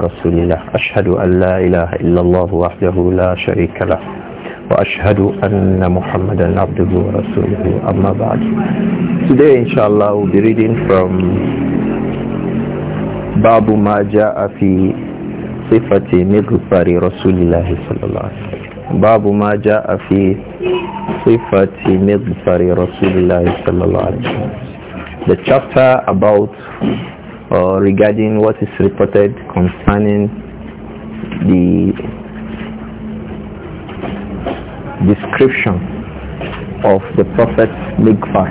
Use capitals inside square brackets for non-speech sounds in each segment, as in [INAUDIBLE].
رسول الله أشهد أن لا إله إلا الله وحده لا شريك له وأشهد أن محمدا عبده ورسوله أما بعد Today إن شاء الله we'll be reading from باب ما جاء في صفة مغفر رسول الله صلى الله عليه وسلم باب ما جاء في صفة مغفر رسول الله صلى الله عليه وسلم The chapter about or regarding what is reported concerning the description of the prophet Migfar.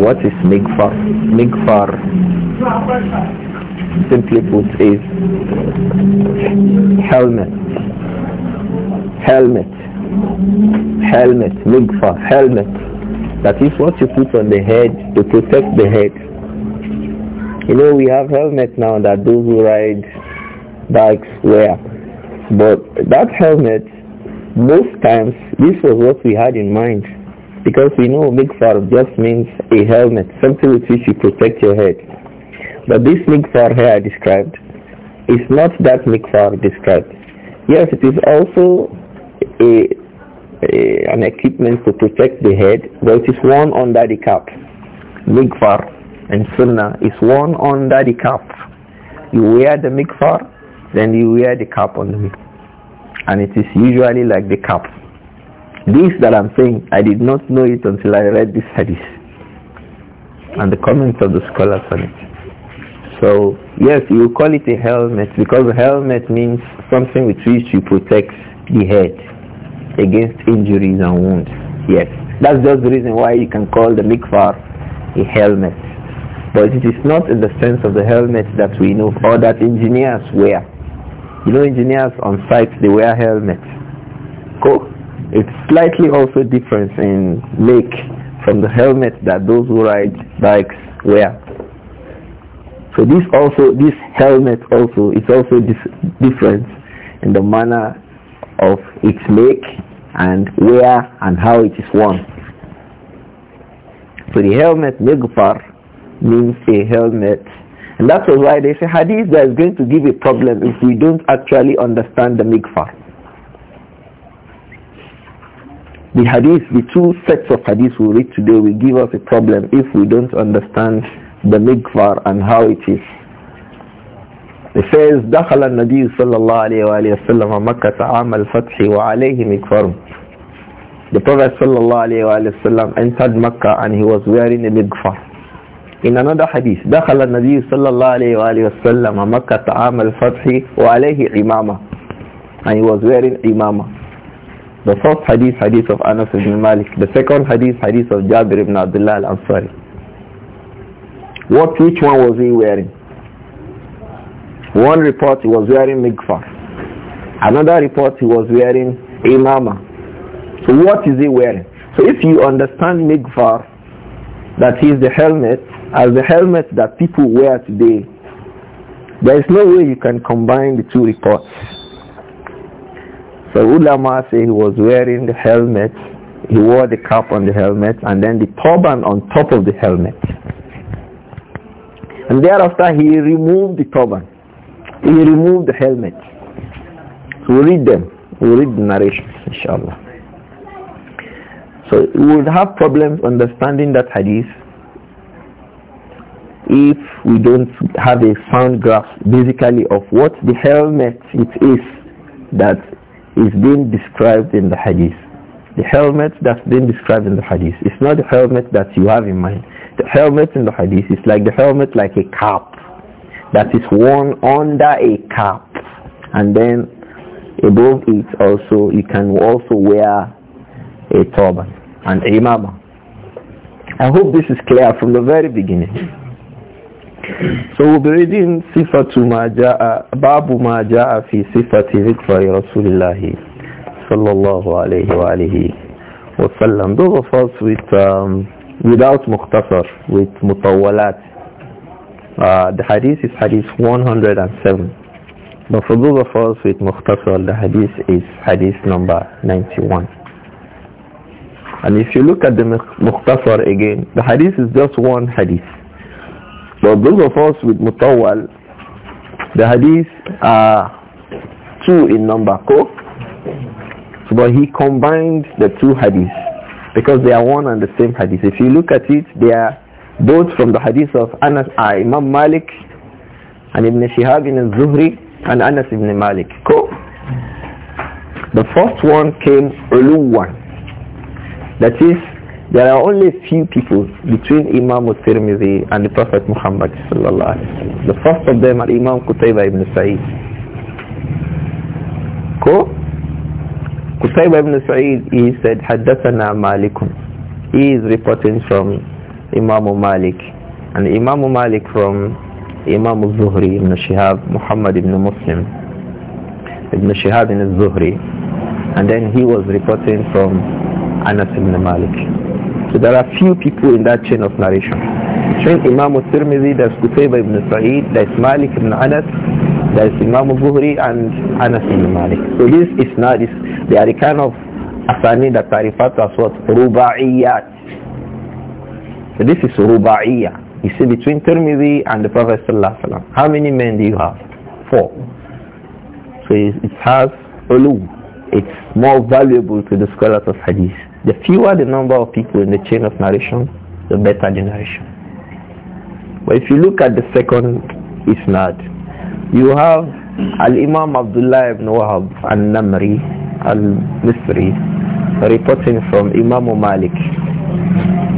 What is Migfar? Migfar, simply put, is helmet. Helmet. Helmet. Migfar. Helmet. That is what you put on the head to protect the head you know, we have helmets now that those who ride bikes wear. But that helmet, most times, this was what we had in mind. Because we know mikfar just means a helmet, something with which you protect your head. But this mikfar here I described is not that mikfar described. Yes, it is also a, a, an equipment to protect the head, but it is worn under the cap. Mikfar and sunnah is worn under the cap. You wear the mikfar, then you wear the cap on the mikfar. And it is usually like the cap. This that I'm saying, I did not know it until I read this hadith and the comments of the scholars on it. So yes, you call it a helmet because helmet means something with which you protect the head against injuries and wounds. Yes, that's just the reason why you can call the mikvah a helmet. But it is not in the sense of the helmet that we know or that engineers wear. You know engineers on site, they wear helmets. Cool. It's slightly also different in make from the helmet that those who ride bikes wear. So this also, this helmet also, is also different in the manner of its make and where and how it is worn. So the helmet, Megfar, means a helmet. And that was why they say hadith that is going to give a problem if we don't actually understand the mikvah. The hadith, the two sets of hadith we read today will give us a problem if we don't understand the mikvah and how it is. It says, دخل النبي صلى الله عليه وآله وسلم مكة عام الفتح وعليه مكفر. The Prophet صلى الله عليه وآله وسلم entered Mecca and he was wearing a mikvah. In another hadith, دخل النبي صلى الله عليه وآله وسلم مكة عام الفتح وعليه imama and he was wearing imama. The first hadith, hadith of Anas ibn Malik. The second hadith, hadith of Jabir ibn Abdullah al-Ansari. What, which one was he wearing? One report he was wearing mikfar. Another report he was wearing imama. So what is he wearing? So if you understand mikfar, that is the helmet, as the helmet that people wear today, there is no way you can combine the two reports. So ulama say he was wearing the helmet, he wore the cap on the helmet, and then the turban on top of the helmet. And thereafter he removed the turban. He removed the helmet. So we read them. We read the narration, inshallah. So we would have problems understanding that hadith if we don't have a sound grasp basically of what the helmet it is that is being described in the hadith. The helmet that's being described in the hadith. It's not the helmet that you have in mind. The helmet in the hadith is like the helmet like a cap that is worn under a cap and then above it also you can also wear a turban and imamah. imama. I hope this is clear from the very beginning. So we'll be reading Sifatu Maja'a, Babu Maja'a fi Sifati Zikfari Rasulillahi sallallahu alayhi wa alihi wa sallam. Those of us with, um, without Muqtasar, with Mutawalat, uh, the hadith is hadith 107. But for those of us with Muqtasar, the hadith is hadith number 91. And if you look at the Muqtasar again, the hadith is just one hadith. But those of us with Mutawwal, the hadiths are two in number. Ko? but he combined the two hadiths because they are one and the same hadith. If you look at it, they are both from the hadith of Anas, uh, Imam Malik and Ibn Shihab ibn Zuhri and Anas ibn Malik. Ko? The first one came Uluwan that is, there are only few people between Imam al-Tirmidhi and the Prophet Muhammad The first of them are Imam Qutayba ibn Sa'id. Ko? Qutayba ibn Sa'id, he said, حدثنا مالك. He is reporting from Imam Malik. And Imam Malik from Imam al-Zuhri ibn Shihab, Muhammad ibn Muslim. Ibn Shihab ibn al-Zuhri. And then he was reporting from Anas ibn Malik. So there are few people in that chain of narration. Between Imam al-Tirmidhi, there's Qutayba ibn Sa'id, there's Malik ibn Anas, there's Imam al-Buhri and Anas ibn Malik. So this is not, this, they are the kind of asani that tarifat as what? Ruba'iyat. So this is Ruba'iyah. You see between Tirmidhi and the Prophet Sallallahu How many men do you have? Four. So it has ulu. It's more valuable to the scholars of hadith. The fewer the number of people in the chain of narration, the better the narration. But if you look at the second isnad, you have Al-Imam Abdullah ibn Wahab al-Namri al-Misri reporting from Imam Malik.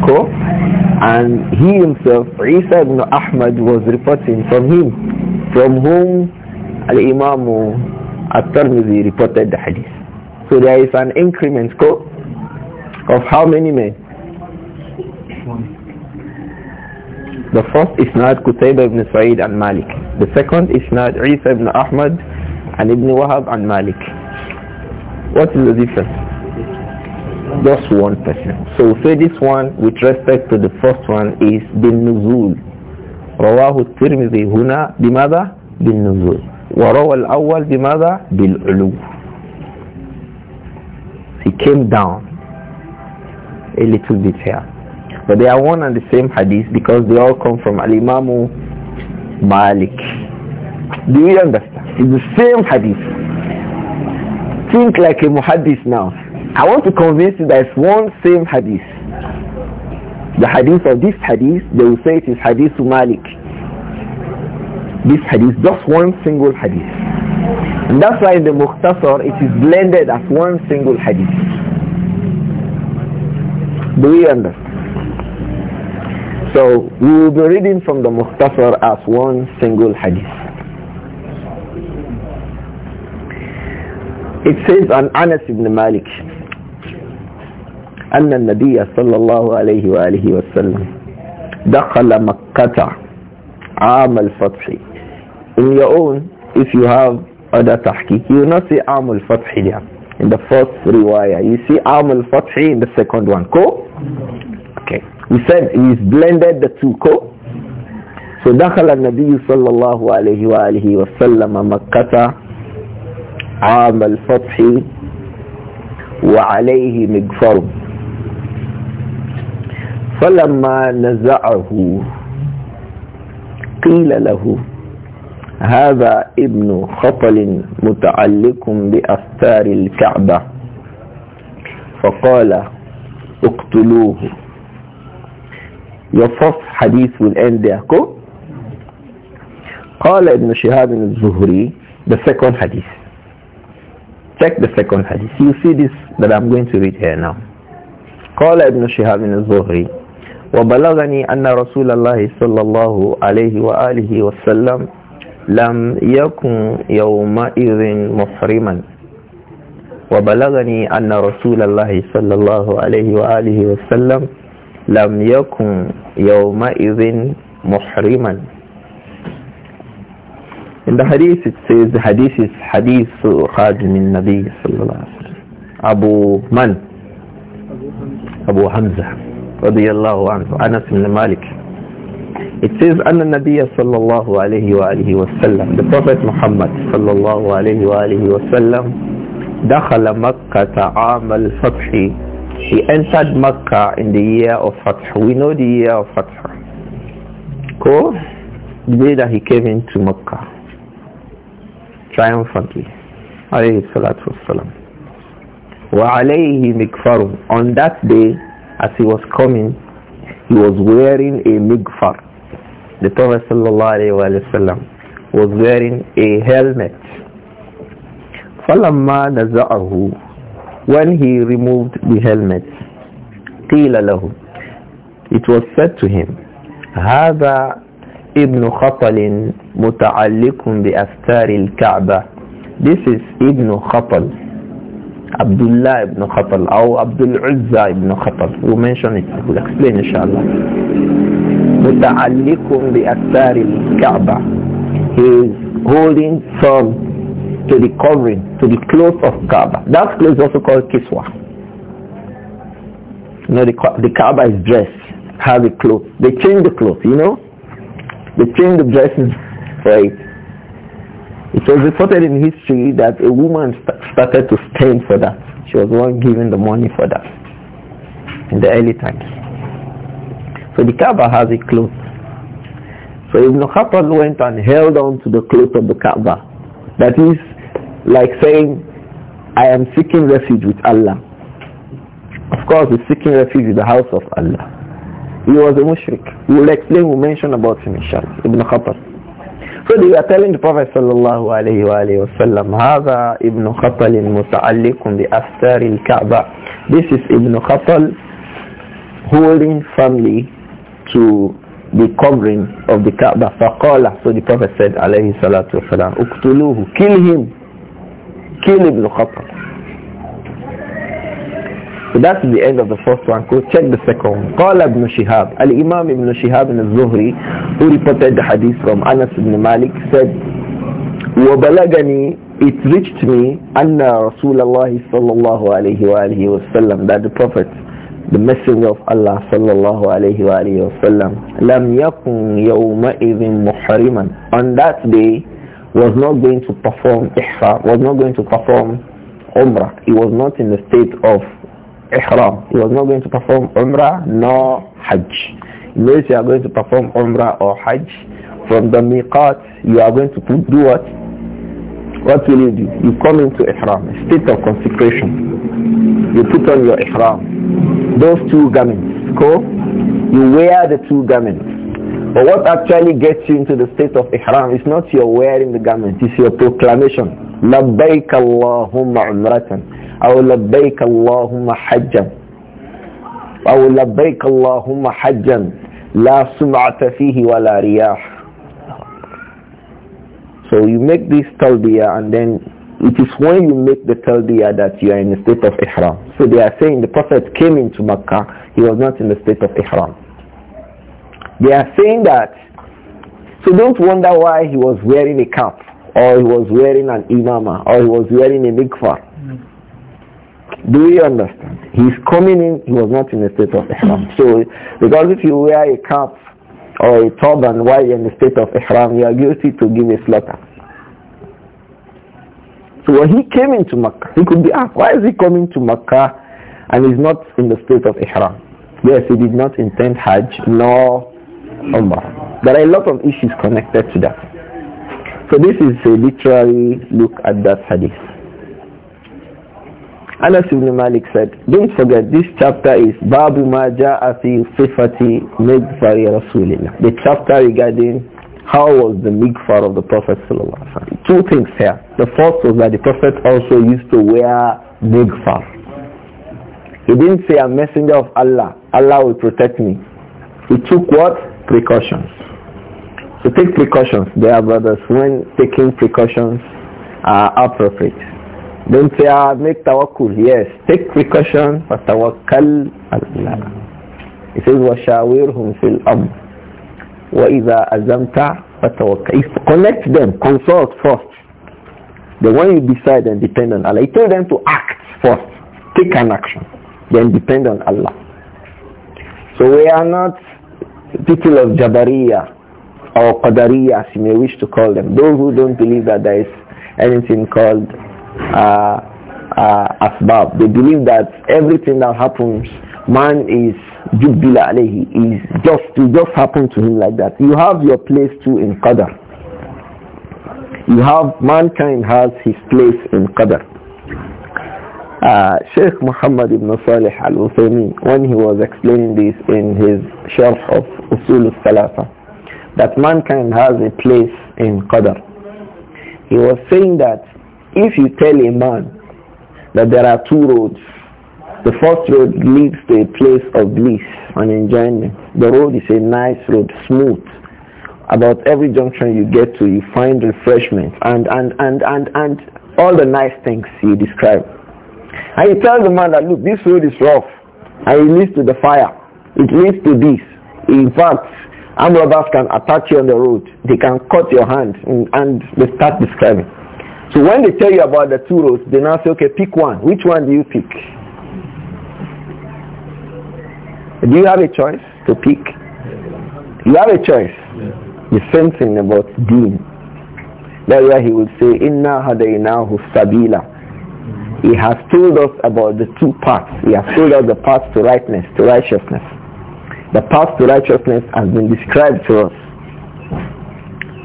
Cool? And he himself, Isa ibn Ahmad was reporting from him, from whom Al-Imam al-Tirmidhi reported the hadith. So there is an increment. Cool? Of how many men? The first is not Qutayba ibn Sa'id and Malik. The second is not Isa ibn Ahmad and Ibn Wahab and Malik. What is the difference? Just one person. So say this one with respect to the first one is bin Nuzul. رواه الترمذي هنا بماذا؟ بالنزول وروى الأول بماذا؟ بالعلو. He came down a little bit here. But they are one and the same hadith because they all come from al Malik. Do you understand? It's the same hadith. Think like a muhaddith now. I want to convince you that it's one same hadith. The hadith of this hadith, they will say it is hadith Malik. This hadith, just one single hadith. And that's why in the Muqtasar, it is blended as one single hadith. Do we understand? So we will be reading from the Mukhtasar as one single hadith. It says an Anas ibn Malik أن النبي صلى الله عليه وآله وسلم دخل مكة عام الفتح In your own, if you have other tahqiq, you will not say عام الفتح there. in the first riwayah. You see arm al-Fathi in the second one. Ko? Okay. We said he's blended the two. Ko? So دخل النبي صلى الله عليه وآله وسلم مكة عام الفتح وعليه مغفر فلما نزعه قيل له هذا ابن خطل متعلق بأستار الكعبة فقال اقتلوه Your first hadith will end there. قال ابن شهاب الزهري the second hadith. Check the second hadith. You see this that I'm going to read here now. قال ابن شهاب الزهري وبلغني أن رسول الله صلى الله عليه وآله وسلم لم يكن يومئذ محرما وبلغني أن رسول الله صلى الله عليه وآله وسلم لم يكن يومئذ محرما In the hadith it says the hadith is hadith Khadim al صلى الله عليه وسلم أبو من؟ أبو حمزة رضي الله عنه أنس بن مالك It says, أن النبي صلى الله عليه وآله وسلم The Prophet Muhammad صلى الله عليه وآله وسلم دخل مكة عام الفتح He entered Makkah in the year of Fath. We know the year of Fath. Cool? The day that he came into Makkah Triumphantly. عليه الصلاة والسلام. وعليه مكفر. On that day, as he was coming, he was wearing a migfar the Prophet ﷺ was wearing a helmet. فَلَمَّا نَزَعَهُ When he removed the helmet, قِيلَ لَهُ It was said to him, هَذَا ابن خطل متعلق بأستار الكعبة This is Ibn خطل Abdullah Ibn ابن or Abdul عبد Ibn ابن We'll mention it, we'll explain inshallah muta'allikum bi akthar al-Kaaba. He is holding some to the covering, to the clothes of Kaaba. That clothes also called kiswa. You know, the, the Kaaba is dressed, has a cloth. They change the clothes, you know? They change the dressing for it. It was reported in history that a woman st started to stand for that. She was the one giving the money for that in the early times. So the Kaaba has a cloth. So Ibn Khattab went and held on to the cloth of the Kaaba. That is like saying, I am seeking refuge with Allah. Of course, he's seeking refuge in the house of Allah. He was a mushrik. We will explain, we'll mention about him inshallah. Ibn Khattab. So they are telling the Prophet sallallahu alayhi wa alayhi wa sallam, هذا ابن خطل متعلق بأفتار الكعبة. This is Ibn Khattab holding firmly to the covering of the Kaaba. فَقَالَ So the Prophet said, alayhi salatu wasalam, اُقْتُلُوهُ Kill him. Kill Ibn Khattab. So that's the end of the first one. Go check the second one. قال ابن شهاب Al-Imam ibn Shihab al-Zuhri who reported the hadith from Anas ibn Malik said وَبَلَغَنِي it reached me أن رسول الله صلى الله عليه وآله وسلم that the Prophet the Messenger of Allah sallallahu alayhi wa alayhi wa sallam لم يكن يومئذ محرما on that day was not going to perform ihram was not going to perform umrah he was not in the state of ihram he was not going to perform umrah nor hajj you know you are going to perform umrah or hajj from the miqat you are going to do what what will you do? You come into ihram, a state of consecration. You put on your ihram, those two garments. Go, you wear the two garments. But what actually gets you into the state of ihram is not your wearing the garment, it's your proclamation. لبيك اللهم عمرة أو لبيك اللهم حجا أو لبيك اللهم حجا لا سمعة فيه ولا رياح so you make this talbiyah and then it is when you make the talbiyah that you are in the state of ihram. So they are saying the Prophet came into Makkah, he was not in the state of ihram. They are saying that, so don't wonder why he was wearing a cap, or he was wearing an imama, or he was wearing a mikvah. Do you understand? He's coming in, he was not in the state of ihram. So because if you wear a cap or a turban while in the state of ihram, you are guilty to give a slaughter. So when he came into Makkah, he could be asked, why is he coming to Makkah and he's not in the state of ihram? Yes, he did not intend Hajj nor Umrah. There are a lot of issues connected to that. So this is a literary look at that hadith. Anas ibn Malik said, don't forget this chapter is Babu Maja'a fi sifati migfari rasulina. The chapter regarding how was the mikfar of the Prophet Two things here. The first was that the Prophet also used to wear mikfar. He didn't say, a messenger of Allah. Allah will protect me. He took what? Precautions. So take precautions, dear brothers, when taking precautions are appropriate. Don't say, ah, make tawakkul. Yes, take precaution, but tawakkal Allah. He says, وَشَاوِرْهُمْ فِي الْأَمْرِ وَإِذَا أَزَمْتَ فَتَوَكَّلْ Connect them, consult first. The one you decide and depend on Allah. He told them to act first. Take an action. Then depend on Allah. So we are not people of Jabariya or Qadariya, as you may wish to call them. Those who don't believe that there is anything called uh, uh, asbab. They believe that everything that happens, man is jubbila alayhi, is just, it just happened to him like that. You have your place too in qadr. You have, mankind has his place in qadr. Uh, Sheikh Muhammad ibn Salih al-Uthaymeen, when he was explaining this in his Sharh of Usul al-Thalatha, that mankind has a place in Qadr. He was saying that if you tell a man that there are two roads, the first road leads to a place of bliss and enjoyment. The road is a nice road, smooth. About every junction you get to, you find refreshment and, and, and, and, and all the nice things you describe. And you tell the man that, look, this road is rough and it leads to the fire. It leads to this. In fact, arm robbers can attack you on the road. They can cut your hand and, and they start describing. So when they tell you about the two roads, they now say, okay, pick one. Which one do you pick? Do you have a choice to pick? You have a choice. The same thing about deen. That's why he would say, Inna hadaynahu sabila. He has told us about the two paths. He has told us the path to rightness, to righteousness. The path to righteousness has been described to us.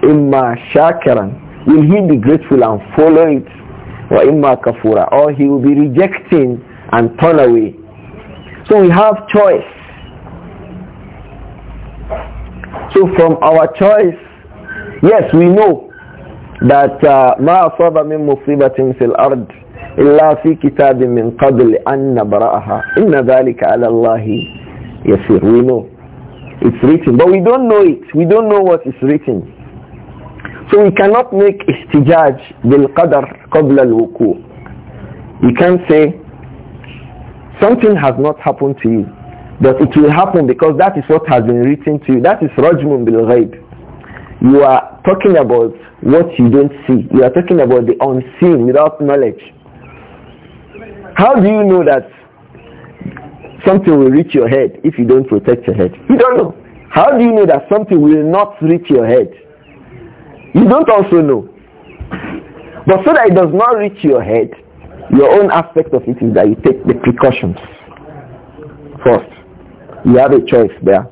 Imma shakaran will he be grateful and follow it? Or imma kafura, or he will be rejecting and turn away. So we have choice. So from our choice, yes, we know that ma uh, أصاب min مصيبة في الأرض إلا في كتاب من قبل أن نبرأها إن ذلك على الله We know. It's written. But we don't know it. We don't know what is written. So we cannot make istijaj bil qadar qabla al wuku. You can't say something has not happened to you, but it will happen because that is what has been written to you. That is rajmun bil ghaib. You are talking about what you don't see. You are talking about the unseen without knowledge. How do you know that something will reach your head if you don't protect your head? You don't know. How do you know that something will not reach your head you don't also know. But so that it does not reach your head, your own aspect of it is that you take the precautions first. You have a choice there.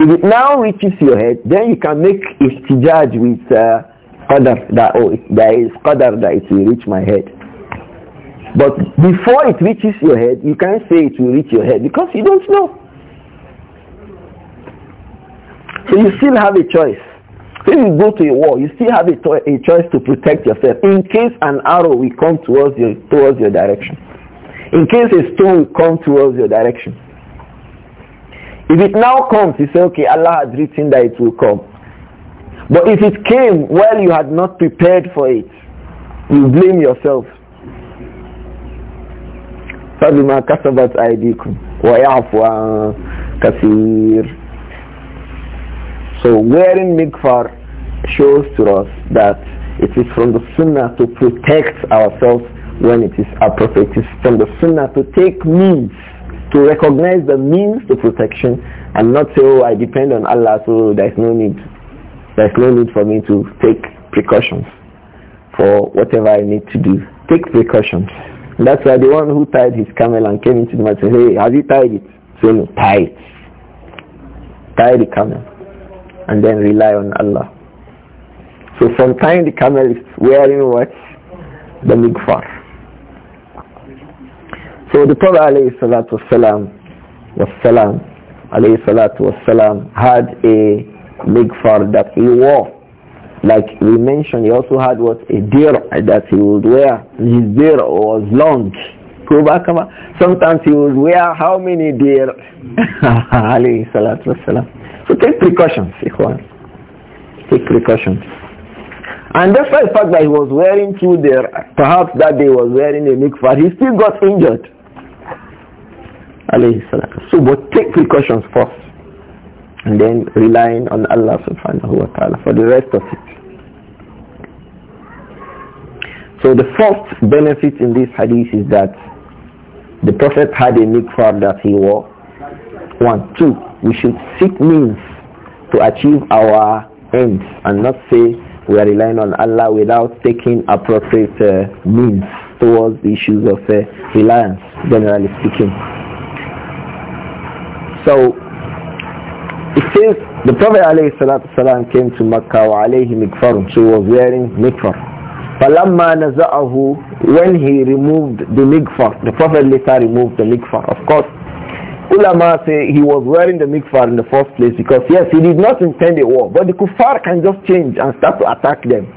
If it now reaches your head, then you can make istijaj with uh, qadar that oh, there is qadar that it will reach my head. But before it reaches your head, you can't say it will reach your head because you don't know. So you still have a choice. When you go to a war, you still have a, a, choice to protect yourself in case an arrow will come towards your, towards your direction. In case a stone will come towards your direction. If it now comes, you say, okay, Allah had written that it will come. But if it came while you had not prepared for it, you blame yourself. فبما كسبت أيديكم عن كثير so wearing mikfar shows to us that it is from the sunnah to protect ourselves when it is appropriate. It is from the sunnah to take means, to recognize the means to protection and not say, oh, I depend on Allah, so there's no need. There's no need for me to take precautions for whatever I need to do. Take precautions. That's why the one who tied his camel and came into the mosque said, hey, have you tied it? So no, tie it. Tie the camel and then rely on Allah. So sometimes the camel is wearing what? The mikfar. So the Prophet alayhi salatu wasalam, wasalam, alayhi salatu wasalam, had a mikfar that he wore. Like we mentioned, he also had what? A deer that he would wear. His deer was long. Sometimes he would wear how many deer? [LAUGHS] alayhi salatu wasalam. So take precautions, Ikhwan. Take precautions. And despite the fact that he was wearing two there, perhaps that day was wearing a mikvah, he still got injured. So but take precautions first. And then relying on Allah subhanahu wa ta'ala for the rest of it. So the first benefit in this hadith is that the Prophet had a mikvah that he wore one. Two, we should seek means to achieve our ends and not say we are relying on Allah without taking appropriate uh, means towards the issues of uh, reliance, generally speaking. So, it says the Prophet ﷺ came to Makkah وعليه mikfar, so he was wearing mikfar. فَلَمَّا نَزَعَهُ When he removed the mikfar, the Prophet later removed the mikfar. Of course, Ulama say he was wearing the mikvah in the first place because yes, he did not intend a war, but the kuffar can just change and start to attack them.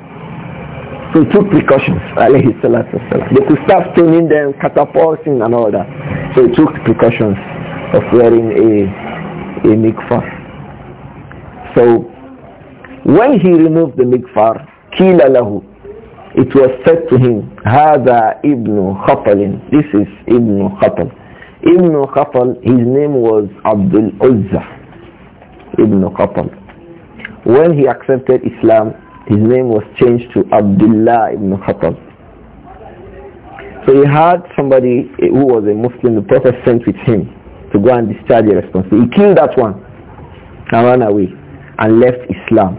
So he took precautions, alayhi salatu They could start stoning them, catapulting and all that. So he took precautions of wearing a, a mikvah. So when he removed the mikvah, قيل lahu, it was said to him هذا ibn خطل this is ibn خطل Ibn Qafal, his name was Abdul Uzza. Ibn Qafal. When he accepted Islam, his name was changed to Abdullah ibn Khattab. So he had somebody who was a Muslim, the Prophet sent with him to go and discharge a responsibility. He killed that one and ran away and left Islam.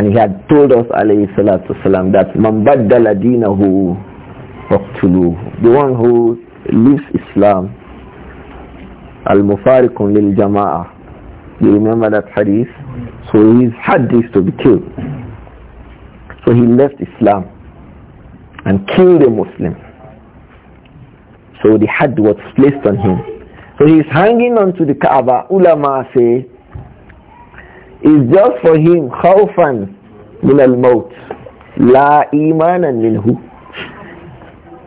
And he had told us, alayhi salatu salam, that man baddala dinahu The one who leaves Islam Al-Mufariqun lil Jama'ah. You remember that hadith? So his hadith to be killed. So he left Islam and killed a Muslim. So the had was placed on him. So he's hanging on to the Kaaba. Ulama say, it's just for him, khawfan min al-maut, la imanan minhu.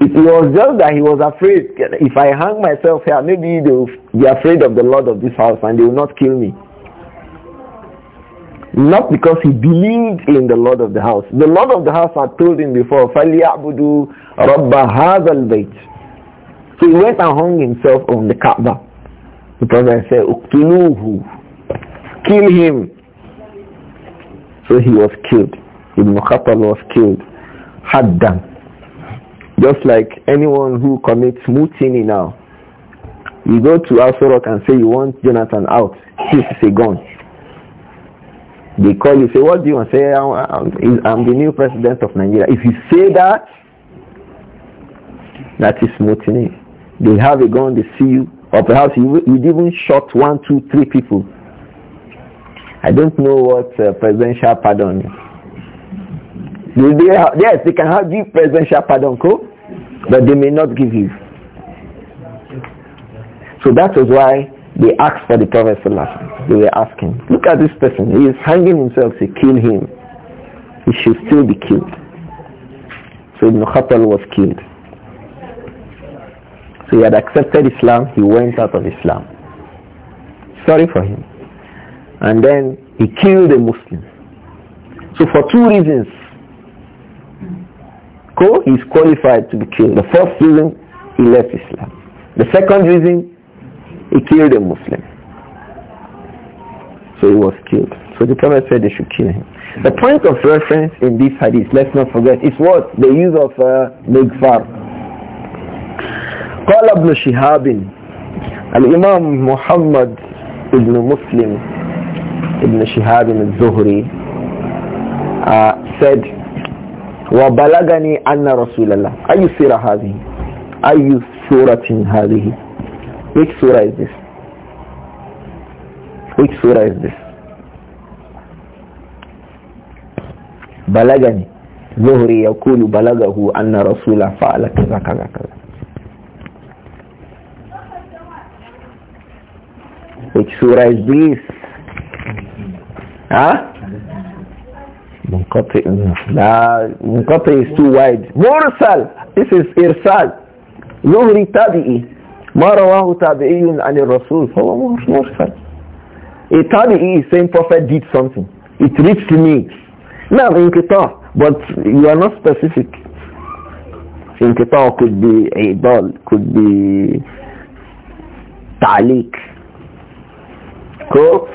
It was just that he was afraid. If I hang myself here, maybe they will be afraid of the Lord of this house and they will not kill me. Not because he believed in the Lord of the house. The Lord of the house had told him before, فَلْيَعْبُدُوا رَبَّ هَذَا الْبَيْتِ So he went and hung himself on the Kaaba. The Prophet said, اُقْتِلُوهُ Kill him. So he was killed. Ibn Khattab was killed. done. Just like anyone who commits mutiny now. You go to Asorok and say you want Jonathan out. He's a gun. They call you, say, what do you want? Say, I'm, I'm, I'm the new president of Nigeria. If you say that, that is mutiny. They have a gun, they see you. Or perhaps you, you even shot one, two, three people. I don't know what uh, presidential pardon is. They, yes, they can have you, presidential pardon code but they may not give you. So that was why they asked for the Prophet Sallallahu They were asking, look at this person, he is hanging himself to kill him. He should still be killed. So Ibn Khattal was killed. So he had accepted Islam, he went out of Islam. Sorry for him. And then he killed a Muslim. So for two reasons, Ko, he's qualified to be killed. The first reason, he left Islam. The second reason, he killed a Muslim. So he was killed. So the Prophet said they should kill him. The point of reference in this hadith, let's not forget, is what? The use of uh, Migfar. قال ابن شهاب الإمام محمد ابن مسلم ابن شهاب الزهري uh, said وبلغني أن رسول الله أي سورة هذه أي سورة هذه Which surah is this? Which surah is this? بلغني زهري يقول بلغه أن رسول فعل كذا كذا كذا Which surah is this? Huh? Munqati, uh, la, is too wide. Mursal, this is irsal. يغري تابعي ما رواه تابعي عن الرسول فهو مرسل. A tabi'i is saying prophet did something. It reached me. Now inqita, but you are not specific. Inqita could be idal, could be ta'liq. Cool?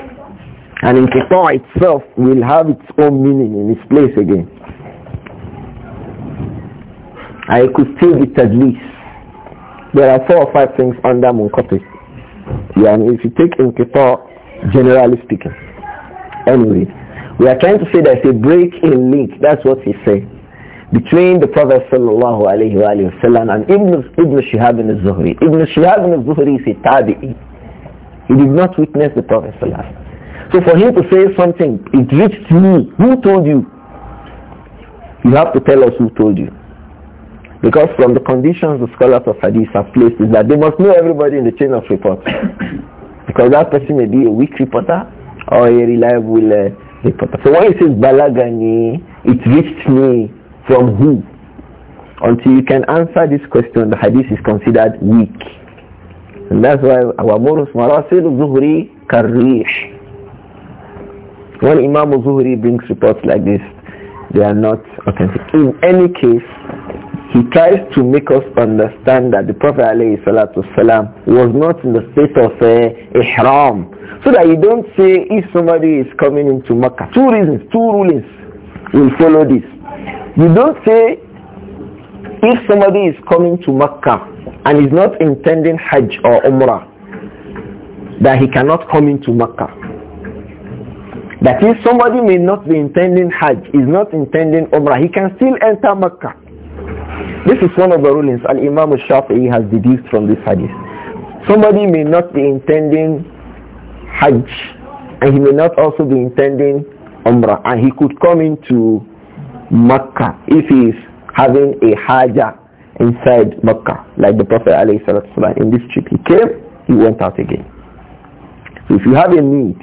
And inqita itself will have its own meaning in its place again. I could still be least There are four or five things under munqati. Yeah, and if you take inqita, generally speaking. Anyway, we are trying to say there's a break in link. That's what he said between the Prophet sallallahu alayhi wa sallam and Ibn, Ibn Shihab al-Zuhri. Ibn Shihab al-Zuhri is a tabi'i. He did not witness the Prophet sallallahu so for him to say something, it reached me. Who told you? You have to tell us who told you. Because from the conditions the scholars of hadith have placed is that they must know everybody in the chain of report. [COUGHS] because that person may be a weak reporter or a reliable uh, reporter. So when it says balagani, it reached me from who? Until you can answer this question, the hadith is considered weak. And that's why our Murus Marasil Zuhri Karish. When Imam Zuhri brings reports like this, they are not authentic. In any case, he tries to make us understand that the Prophet ﷺ was not in the state of uh, ihram. So that you don't say if somebody is coming into Makkah. Two reasons, two rulings will follow this. You don't say if somebody is coming to Makkah and is not intending Hajj or Umrah, that he cannot come into Makkah. That is, somebody may not be intending Hajj, is not intending Umrah. He can still enter Mecca. This is one of the rulings Al-Imam al-Shafi'i has deduced from this hadith. Somebody may not be intending Hajj, and he may not also be intending Umrah, and he could come into Mecca if he is having a Hajjah inside Mecca, like the Prophet ﷺ in this trip. He came, he went out again. So if you have a need,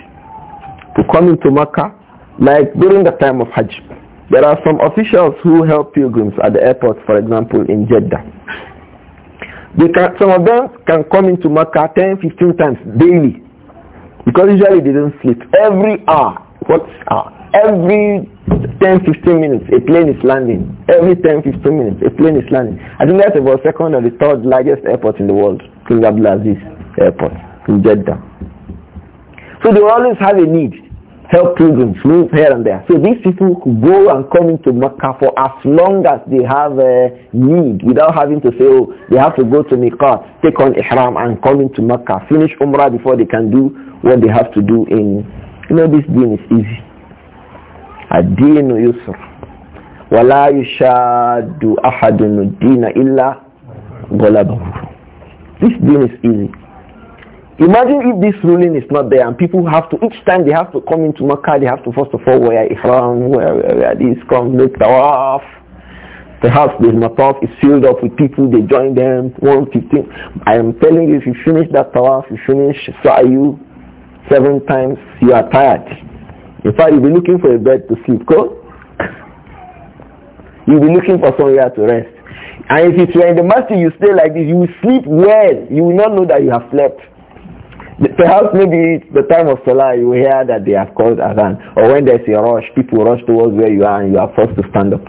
to come into Mecca, like during the time of Hajj. There are some officials who help pilgrims at the airport, for example, in Jeddah. Can, some of them can come into Mecca 10, 15 times daily. Because usually they don't sleep. Every hour, what hour? Every 10, 15 minutes, a plane is landing. Every 10, 15 minutes, a plane is landing. I think that's about second or the third largest airport in the world, King Abdulaziz Airport in Jeddah. So they always have a need help pilgrims move here and there. So these people go and come into Mecca for as long as they have a need without having to say, oh, they have to go to Mecca, take on Ihram and come into Mecca, finish Umrah before they can do what they have to do in, you know, this deen is easy. الدين يسر ولا يشاد أحد الدين إلا غلبه This deen is easy. Imagine if this ruling is not there and people have to, each time they have to come into Makkah, they have to first of all wear ihram, wear, wear, wear this, come make tawaf. Perhaps the mataf is filled up with people, they join them, 115. I am telling you, if you finish that tawaf, you finish sa'yu seven times, you are tired. In fact, you'll be looking for a bed to sleep. Go. [LAUGHS] You'll be looking for somewhere to rest. And if it's in the masjid, you stay like this, you will sleep well. You will not know that you have slept. Perhaps maybe it's the time of Salah you hear that they have called Adhan. Or when there's a rush, people rush towards where you are and you are forced to stand up.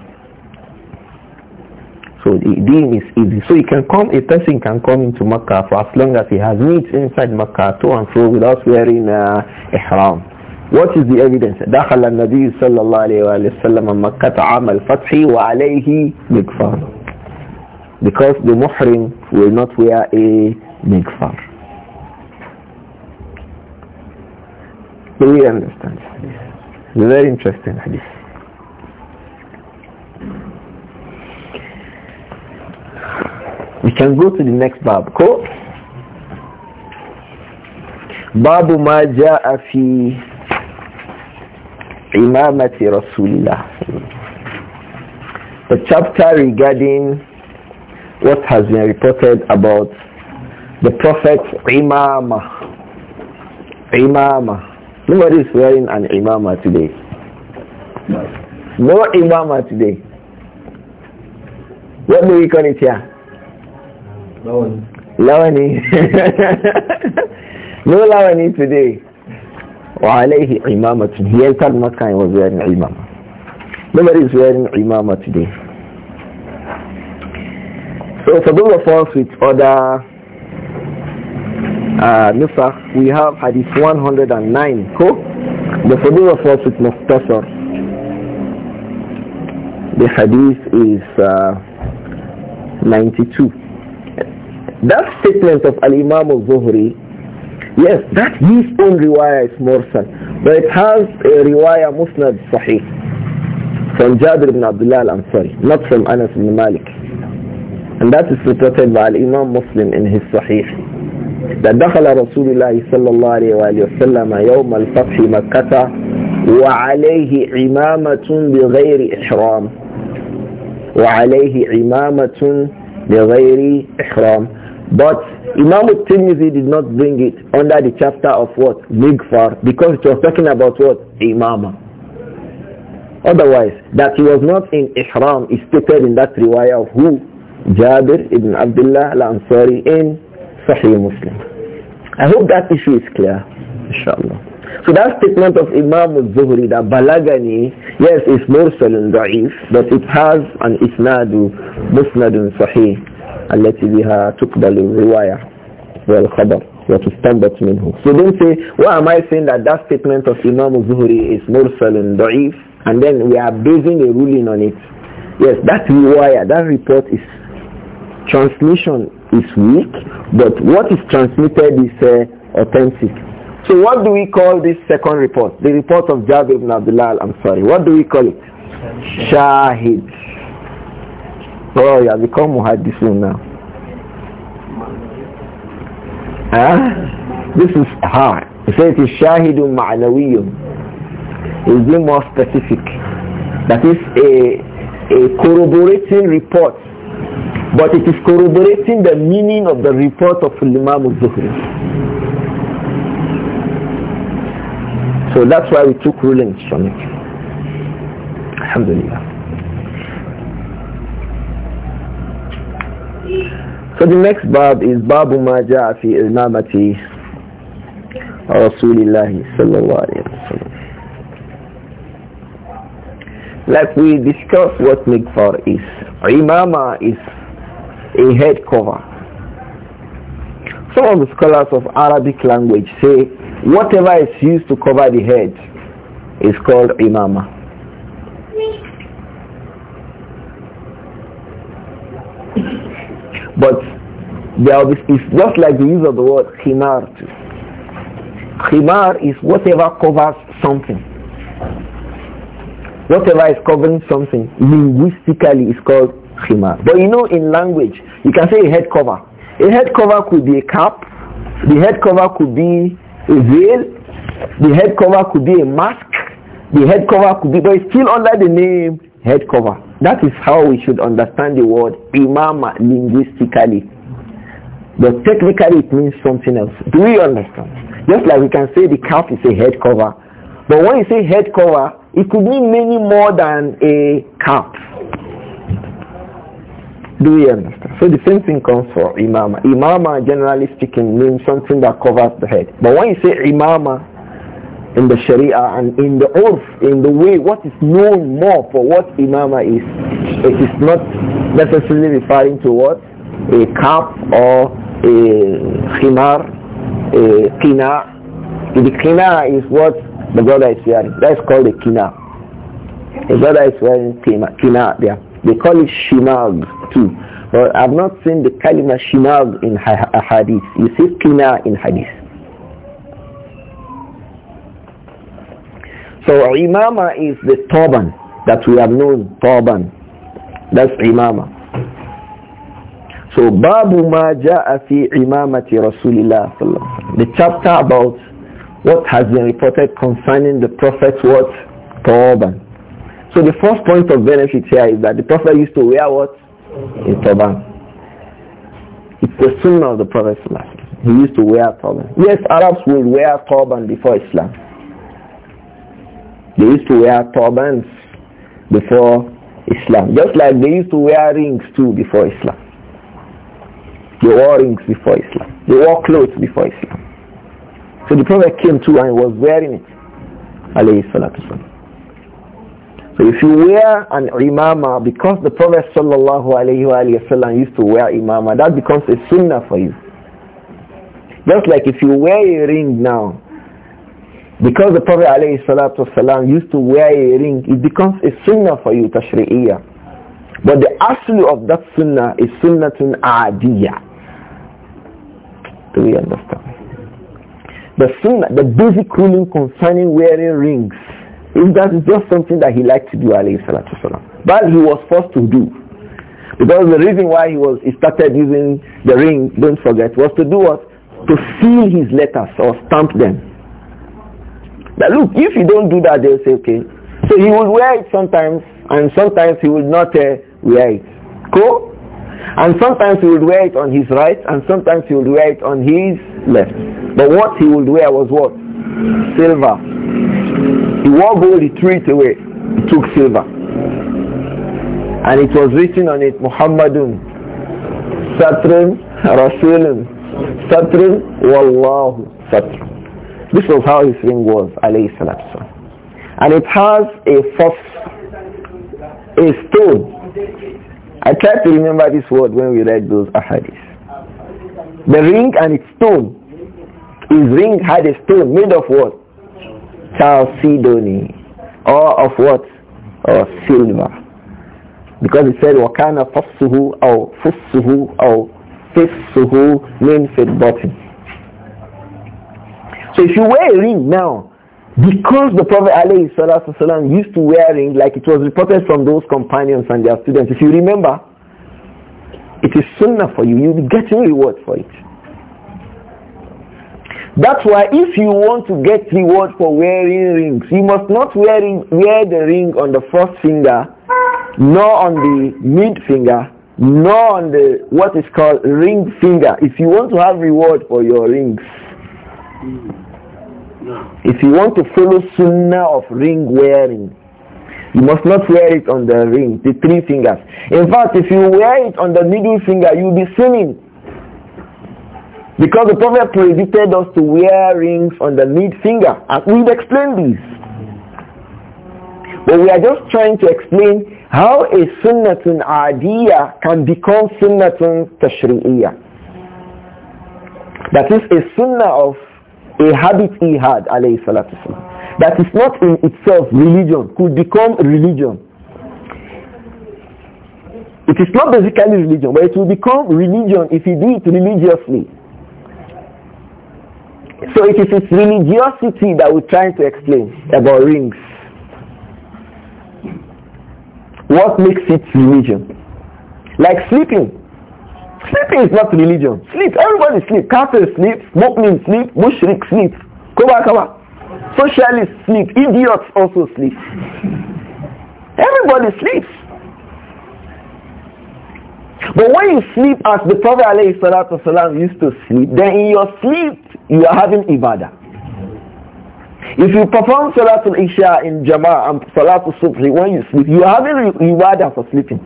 So the deen is easy. So you can come, a person can come into Makkah for as long as he has needs inside Makkah to and fro without wearing uh, ihram. What is the evidence? دخل النبي صلى الله عليه وسلم مكة عام الفتح وعليه مغفر. Because the muhrim will not wear a مغفر. we understand. It's a very interesting hadith. We can go to the next bab. Cool. باب ما جاء في إمامة رسول الله The chapter regarding what has been reported about the Prophet Imam Imam Nobody is wearing an imama today. No imama today. What do we call it here? Lawani. Lawani. [LAUGHS] no Lawani today. وعليه إمامة he entered Makkah and was wearing imama nobody is wearing imama today so for those of us with other uh, we have hadith 109. Cool? The Fadul of us with Muqtasar. The hadith is uh, 92. That statement of Al-Imam al-Zuhri, yes, that his own riwayah is mursal, but it has a riwayah musnad sahih from Jabir ibn Abdullah al-Ansari, not from Anas ibn Malik. And that is reported by Imam Muslim in his Sahih. that دخل رسول الله صلى الله عليه وآله وسلم يوم الفتح مكة وعليه عمامة بغير إحرام وعليه عمامة بغير إحرام But Imam al-Tirmidhi did not bring it under the chapter of what? Migfar, because it was talking about what? Imama. Otherwise, that he was not in Ihram is stated in that riwayah of who? Jabir ibn Abdullah al-Ansari in Sahih Muslim. I hope that issue is clear, inshallah. So that statement of Imam al-Zuhri that Balagani, yes, is Mursalun Da'if, but it has an Isnadu, Musnadun Sahih, التي بها تقبل الرواية والخبر وتستنبط منه. So don't say, why am I saying that that statement of Imam al-Zuhri is Mursalun Da'if, and then we are basing a ruling on it. Yes, that riwayah, that report is transmission is weak, but what is transmitted is uh, authentic. So what do we call this second report? The report of Jabir ibn Abdullah I'm sorry. What do we call it? Shahid. Oh, you have become muhaddisun now. Huh? This is hard. He said it is shahidun ma'nawiyun. Is being more specific. That is a, a corroborating report but it is corroborating the meaning of the report of Imam al-Zuhri. So that's why we took rulings from it. Alhamdulillah. So the next bab is Babu ma ja'a fi imamati Rasulillah sallallahu alayhi wa sallam. Like we discussed what mikfar is. Imama is a head cover. Some of the scholars of Arabic language say whatever is used to cover the head is called imama. But there is, it's just like the use of the word khimar too. Khimar is whatever covers something. Whatever is covering something linguistically is called but you know in language, you can say a head cover. A head cover could be a cap. The head cover could be a veil. The head cover could be a mask. The head cover could be, but it's still under the name head cover. That is how we should understand the word imama linguistically. But technically it means something else. Do we understand? Just like we can say the cap is a head cover. But when you say head cover, it could mean many more than a cap. Do you understand? So the same thing comes for imama. Imama, generally speaking, means something that covers the head. But when you say imama in the sharia and in the urf, in the way, what is known more for what imama is, it is not necessarily referring to what? A cap or a khimar, a kina. The kina is what the brother is wearing. That's called a kina. The brother is wearing kina, kina there. Yeah. They call it shinag too. But I've not seen the kalima shinag in ha hadith. You see qina in hadith. So imama is the turban that we have known, turban. That's imama. So babu ma jaa fi imamati rasulillah The chapter about what has been reported concerning the prophet's what? Turban. So the first point of benefit here is that the Prophet used to wear what? A turban. It's the sunnah of the Prophet He used to wear a turban. Yes, Arabs will wear a turban before Islam. They used to wear turbans before Islam. Just like they used to wear rings too before Islam. They wore rings before Islam. They wore clothes before Islam. So the Prophet came too and was wearing it. Alayhi salatu so if you wear an imama, because the Prophet sallallahu alayhi wa used to wear imama, that becomes a sunnah for you. Just like if you wear a ring now, because the Prophet alayhi salatu wasalam used to wear a ring, it becomes a sunnah for you, tashri'iyah. But the actual of that sunnah is sunnatun idea. Do we understand? The sunnah, the basic ruling concerning wearing rings if that is just something that he liked to do, alayhi salatu But he was forced to do. Because the reason why he was he started using the ring, don't forget, was to do what? To seal his letters or stamp them. But look, if you don't do that, they'll say, okay. So he would wear it sometimes, and sometimes he would not uh, wear it. Cool? And sometimes he would wear it on his right, and sometimes he would wear it on his left. But what he would wear was what? Silver. He wore gold, he threw it away. He took silver. And it was written on it, Muhammadun, Satrun, Rasulun, Satrun, Wallahu, Satrun. This was how his ring was, alayhi salatu And it has a foss, a stone. I tried to remember this word when we read those ahadith. The ring and its stone. His ring had a stone made of what? Chalcedony or of what? Or silver. Because it said وَكَانَ or أَوْ or أَوْ means مِنْ button. so if you wear a ring now, because the Prophet ﷺ used to wear like it was reported from those companions and their students, if you remember, it is sunnah for you. You'll be getting reward for it. That's why if you want to get reward for wearing rings, you must not wear, wear the ring on the first finger, nor on the mid finger, nor on the what is called ring finger. If you want to have reward for your rings, if you want to follow sunnah of ring wearing, you must not wear it on the ring, the three fingers. In fact, if you wear it on the middle finger, you'll be sinning. Because the Prophet prohibited us to wear rings on the mid finger. And we've explained this. But we are just trying to explain how a sunnatun adiyah can become sunnatun tashri'iyah. That is a sunnah of a habit he had, alayhi salatu That is not in itself religion, could become religion. It is not basically religion, but it will become religion if he did it religiously. So it is its religiosity that we're trying to explain about rings. What makes it religion? Like sleeping. Sleeping is not religion. Sleep. Everybody sleep. Kafir sleep. Mu'min sleep. Mushrik sleep. Koba kaba. Socialists sleep. Idiots also sleep. Everybody sleeps. But when you sleep as the Prophet ﷺ used to sleep, then in your sleep you are having ibadah. If you perform Salatul Isha in Jama'ah and Salatul Subhi when you sleep, you are having ibadah for sleeping.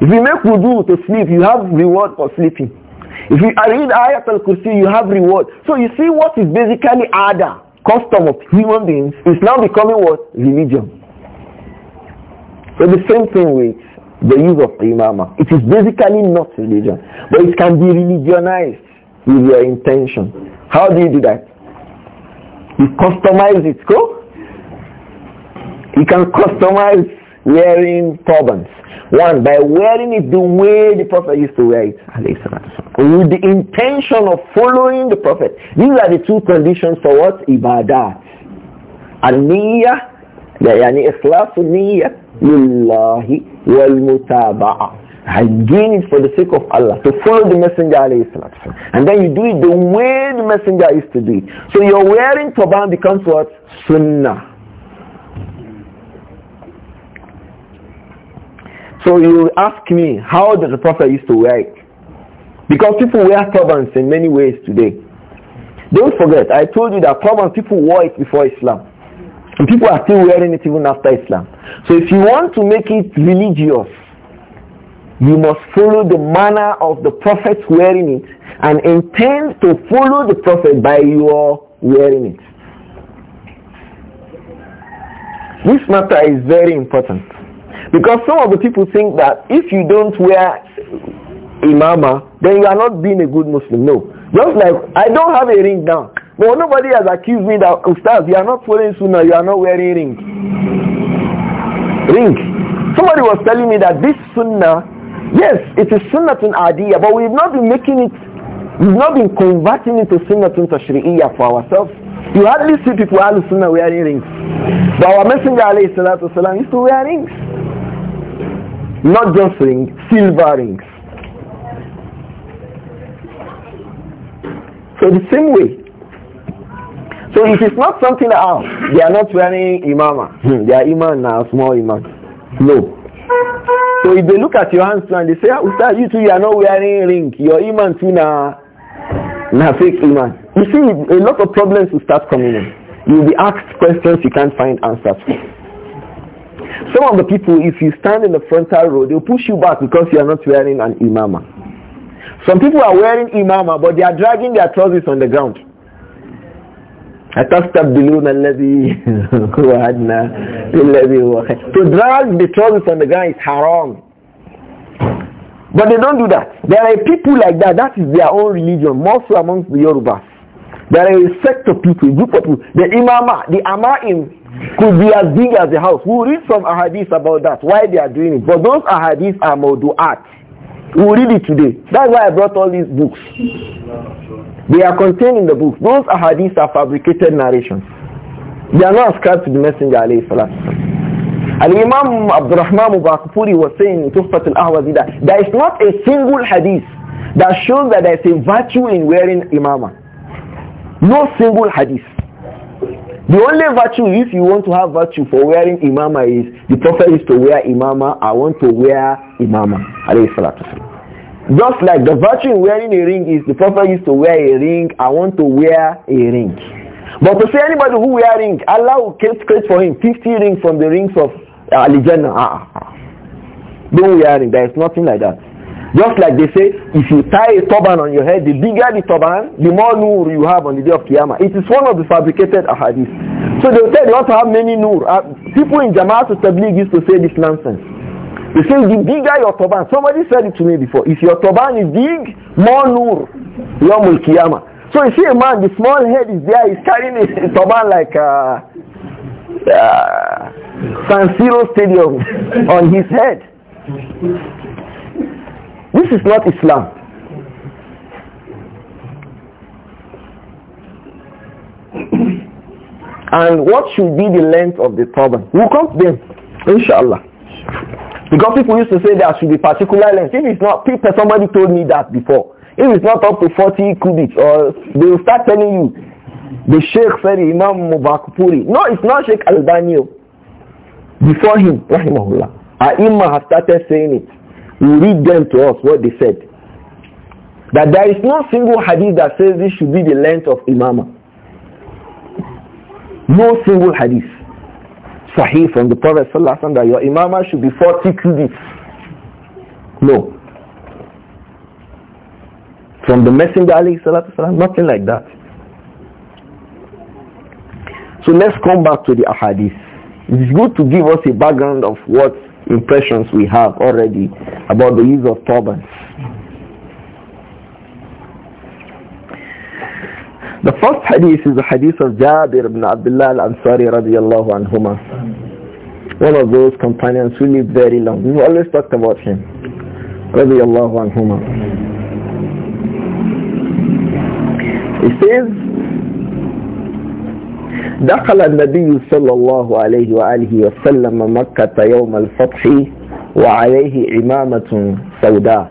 If you make wudu to sleep, you have reward for sleeping. If you read Ayat al-Kursi, you have reward. So you see what is basically ada, custom of human beings, is now becoming what? Religion. So the same thing with the use of imama. It is basically not religion, but it can be religionized with your intention. How do you do that? You customize it, go. You can customize wearing turbans. One, by wearing it the way the Prophet used to wear it, with the intention of following the Prophet. These are the two conditions for what? Ibadah. النية يعني إخلاص النية لله والمتابعة I gain it for the sake of Allah, to follow the Messenger And then you do it the way the Messenger is to do it. So your wearing turban becomes what? Sunnah. So you ask me, how does the Prophet used to wear it? Because people wear turbans in many ways today. Don't forget, I told you that turbans, people wore it before Islam. And people are still wearing it even after Islam. So if you want to make it religious, you must follow the manner of the prophet wearing it and intend to follow the prophet by your wearing it. This matter is very important because some of the people think that if you don't wear imama, then you are not being a good Muslim. No. Just like I don't have a ring now. but nobody has accused me that, Ustaz, you are not following sunnah, you are not wearing ring. Ring. Somebody was telling me that this sunnah Yes, it is sunnatun adiyah, but we've not been making it, we've not been converting it to sunnatun tashri'iyah for ourselves. You hardly see people al sunnah wearing rings. But our messenger alayhi salatu wasalam used to wear rings. Not just rings, silver rings. So the same way. So it is not something else. Ah, they are not wearing imama. Hmm, they are imam now, small imam. No. So if they look at your hands and they say, ah, Ustaz, you two, you are not wearing ring. Your iman too na, na fake iman. You see, a lot of problems will start coming in. You'll be asked questions you can't find answers for. Some of the people, if you stand in the frontal row, they'll push you back because you are not wearing an imama. Some people are wearing imama, but they are dragging their trousers on the ground. أتستبدلون الذي هو أدنى بالذي هو to drag the trouble from the ground is haram but they don't do that there are people like that that is their own religion Most so amongst the Yorubas there are a sect of people group of people the imama the amaim could be as big as the house we'll read some ahadith about that why they are doing it but those ahadith are art. we'll read it today that's why I brought all these books they are contained in the book. Those hadiths are fabricated narrations. They are not ascribed to the Messenger alayhi salatu Al-Imam Abdurrahman Mubarakpuri was saying in Tuhfat al-Ahwazi that there is not a single hadith that shows that there is a virtue in wearing imama. No single hadith. The only virtue, if you want to have virtue for wearing imama is, the Prophet used to wear imama, I want to wear imama. Alayhi salatu just like the virtue in wearing a ring is the prophet used to wear a ring, I want to wear a ring. But to say anybody who wear a ring, Allah will create for him 50 rings from the rings of uh, jannah ah, ah, ah, Don't wear a ring. There is nothing like that. Just like they say, if you tie a turban on your head, the bigger the turban, the more nur you have on the day of Qiyamah. It is one of the fabricated ahadith. So they will tell you want to have many nur. Uh, people in Jamaatul Tabligh used to say this nonsense. He said, the bigger your turban, somebody said it to me before, if your turban is big, more nur, yawmul qiyamah. So you see a man, the small head is there, he's carrying a, a turban like uh, uh, San Siro Stadium [LAUGHS] on his head. This is not Islam. and what should be the length of the turban? We'll come to them, inshallah. Because people used to say there should be particular length. If it's not, people, somebody told me that before. If it's not up to 40 cubits, or they will start telling you, the Sheikh said Imam Mubarak No, it's not Sheikh Al-Bani. Before him, Rahimahullah, ai am have started saying it. We read them to us, what they said. That there is no single hadith that says this should be the length of Imam. No single hadith sahih from the Prophet sallallahu that your imamah should be 40 cubits. No. From the Messenger alayhi salatu nothing like that. So let's come back to the ahadith. It's good to give us a background of what impressions we have already about the use of turbans. The first hadith is the hadith of Jabir ibn Abdullah al-Ansari radiallahu anhumah one of those companions who lived very long. We always talked about him. رضي الله عنهما. He says, دخل النبي صلى الله عليه وآله وسلم مكة يوم الفتح وعليه عمامة سوداء.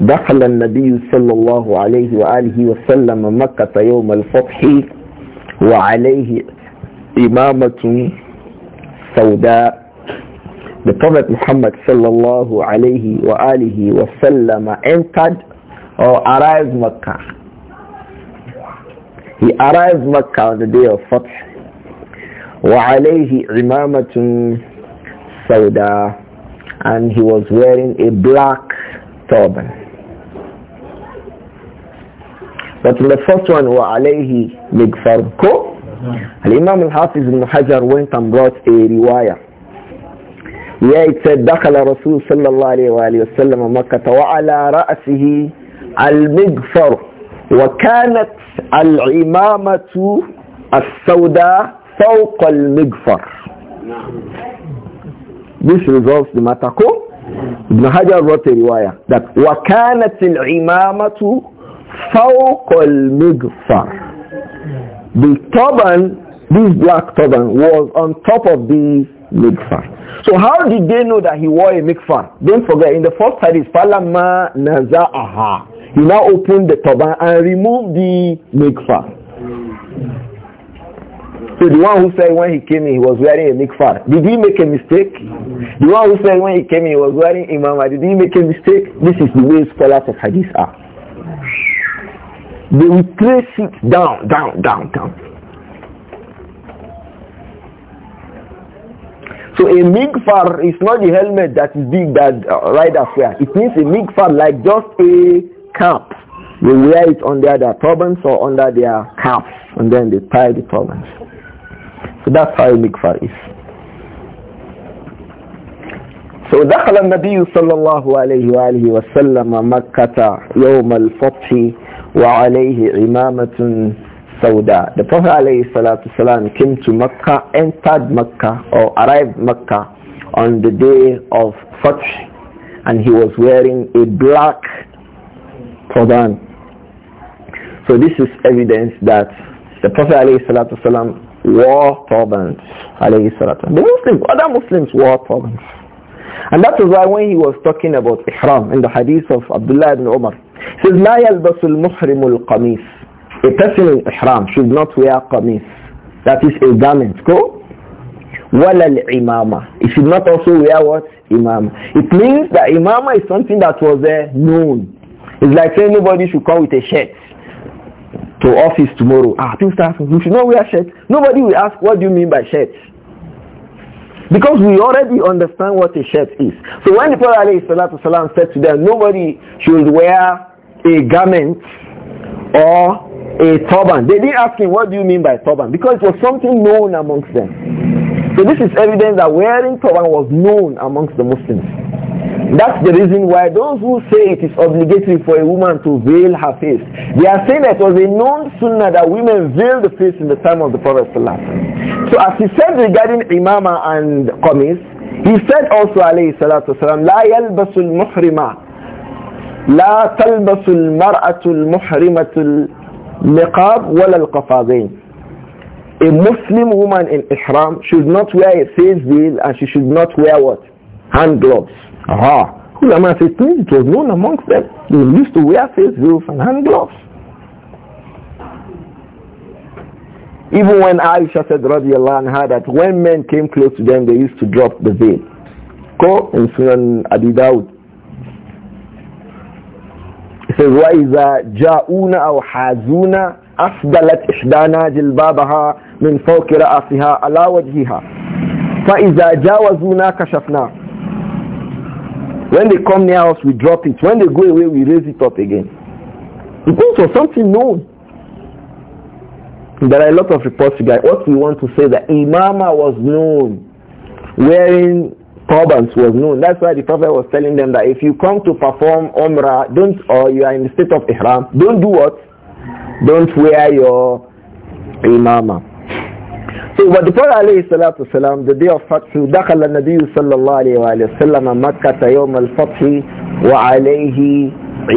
دخل النبي صلى الله عليه وآله وسلم مكة يوم الفتح وعليه imamatun sauda the Prophet Muhammad sallallahu alayhi wa alihi wa sallam entered or arrived Makkah. He arrived Makkah on the day of Fath. Wa alayhi imamatun sauda and he was wearing a black turban. But in the first one, wa alayhi migfarko نعم. الإمام الحافظ بن حجر وين تمرات أي رواية يأتي دخل رسول صلى الله عليه وآله وسلم مكة وعلى رأسه المغفر وكانت العمامة السوداء فوق المغفر This results the matter called Ibn Hajar wrote a riwayah that وكانت العمامة فوق المغفر the turban, this black turban, was on top of the mikfar. So how did they know that he wore a mikfar? Don't forget, in the first hadith, Falama Naza'aha. He now opened the turban and removed the mikfar. So the one who said when he came in, he was wearing a mikfar. Did he make a mistake? The one who said when he came in, he was wearing imamah. Did he make a mistake? This is the way scholars of hadith are. They will trace it down, down, down, down. So a migfar is not the helmet that is big that uh, riders wear. It means a migfar like just a cap. They wear it under their turbans or under their caps and then they tie the turbans. So that's how a migfar is. So دخل النبي صلى الله عليه وآله وسلم مكة يوم الفتح وعليه عمامة سوداء The Prophet والسلام, came to Mecca, entered Mecca or arrived Mecca on the day of Fajr, and he was wearing a black turban. So this is evidence that the Prophet والسلام, wore turbans. The Muslims, other Muslims wore turbans. And that is why when he was talking about Ihram in the hadith of Abdullah ibn Umar, says, لا يلبس المحرم القميص. A person in ihram should not wear qamis. That is a garment. Go. ولا الإمامة. He should not also wear what? Imam. It means that imama is something that was uh, known. It's like saying nobody should come with a shirt to office tomorrow. Ah, people start asking, you should not wear shirt. Nobody will ask, what do you mean by shirt? Because we already understand what a shirt is. So when the Prophet ﷺ said to them, nobody should wear a garment or a turban. They didn't ask him, what do you mean by turban? Because it was something known amongst them. So this is evidence that wearing turban was known amongst the Muslims. That's the reason why those who say it is obligatory for a woman to veil her face, they are saying that it was a known sunnah that women veil the face in the time of the Prophet So as he said regarding imama and qamis, he said also alayhi salatu wasalam, لا يلبس المحرمة لا تلبس المرأة المحرمة النقاب ولا القفازين a Muslim woman in ihram should not wear a face veil and she should not wear what? Hand gloves. Aha. Ulama says it was known amongst them. They used to wear face veils and hand gloves. Even when Aisha said radiallahu anha that when men came close to them they used to drop the veil. Go in Sunan Abi Dawud. وإذا أو إحدانا جلبابها من رأسها على وجهها فإذا جاوزونا كشفنا When they come near us, we drop it. When they go away, we raise it up again. It goes for something known. There are a lot of reports, guys. What we want to say that Imama was known wearing Problems was known. That's why the Prophet was telling them that if you come to perform Umrah, don't, or you are in the state of Ihram, don't do what? Don't wear your imama. So but the Prophet alayhi salatu salam, the day of Fatih, دخل النبي صلى الله عليه وآله وسلم مكة يوم الفتح وعليه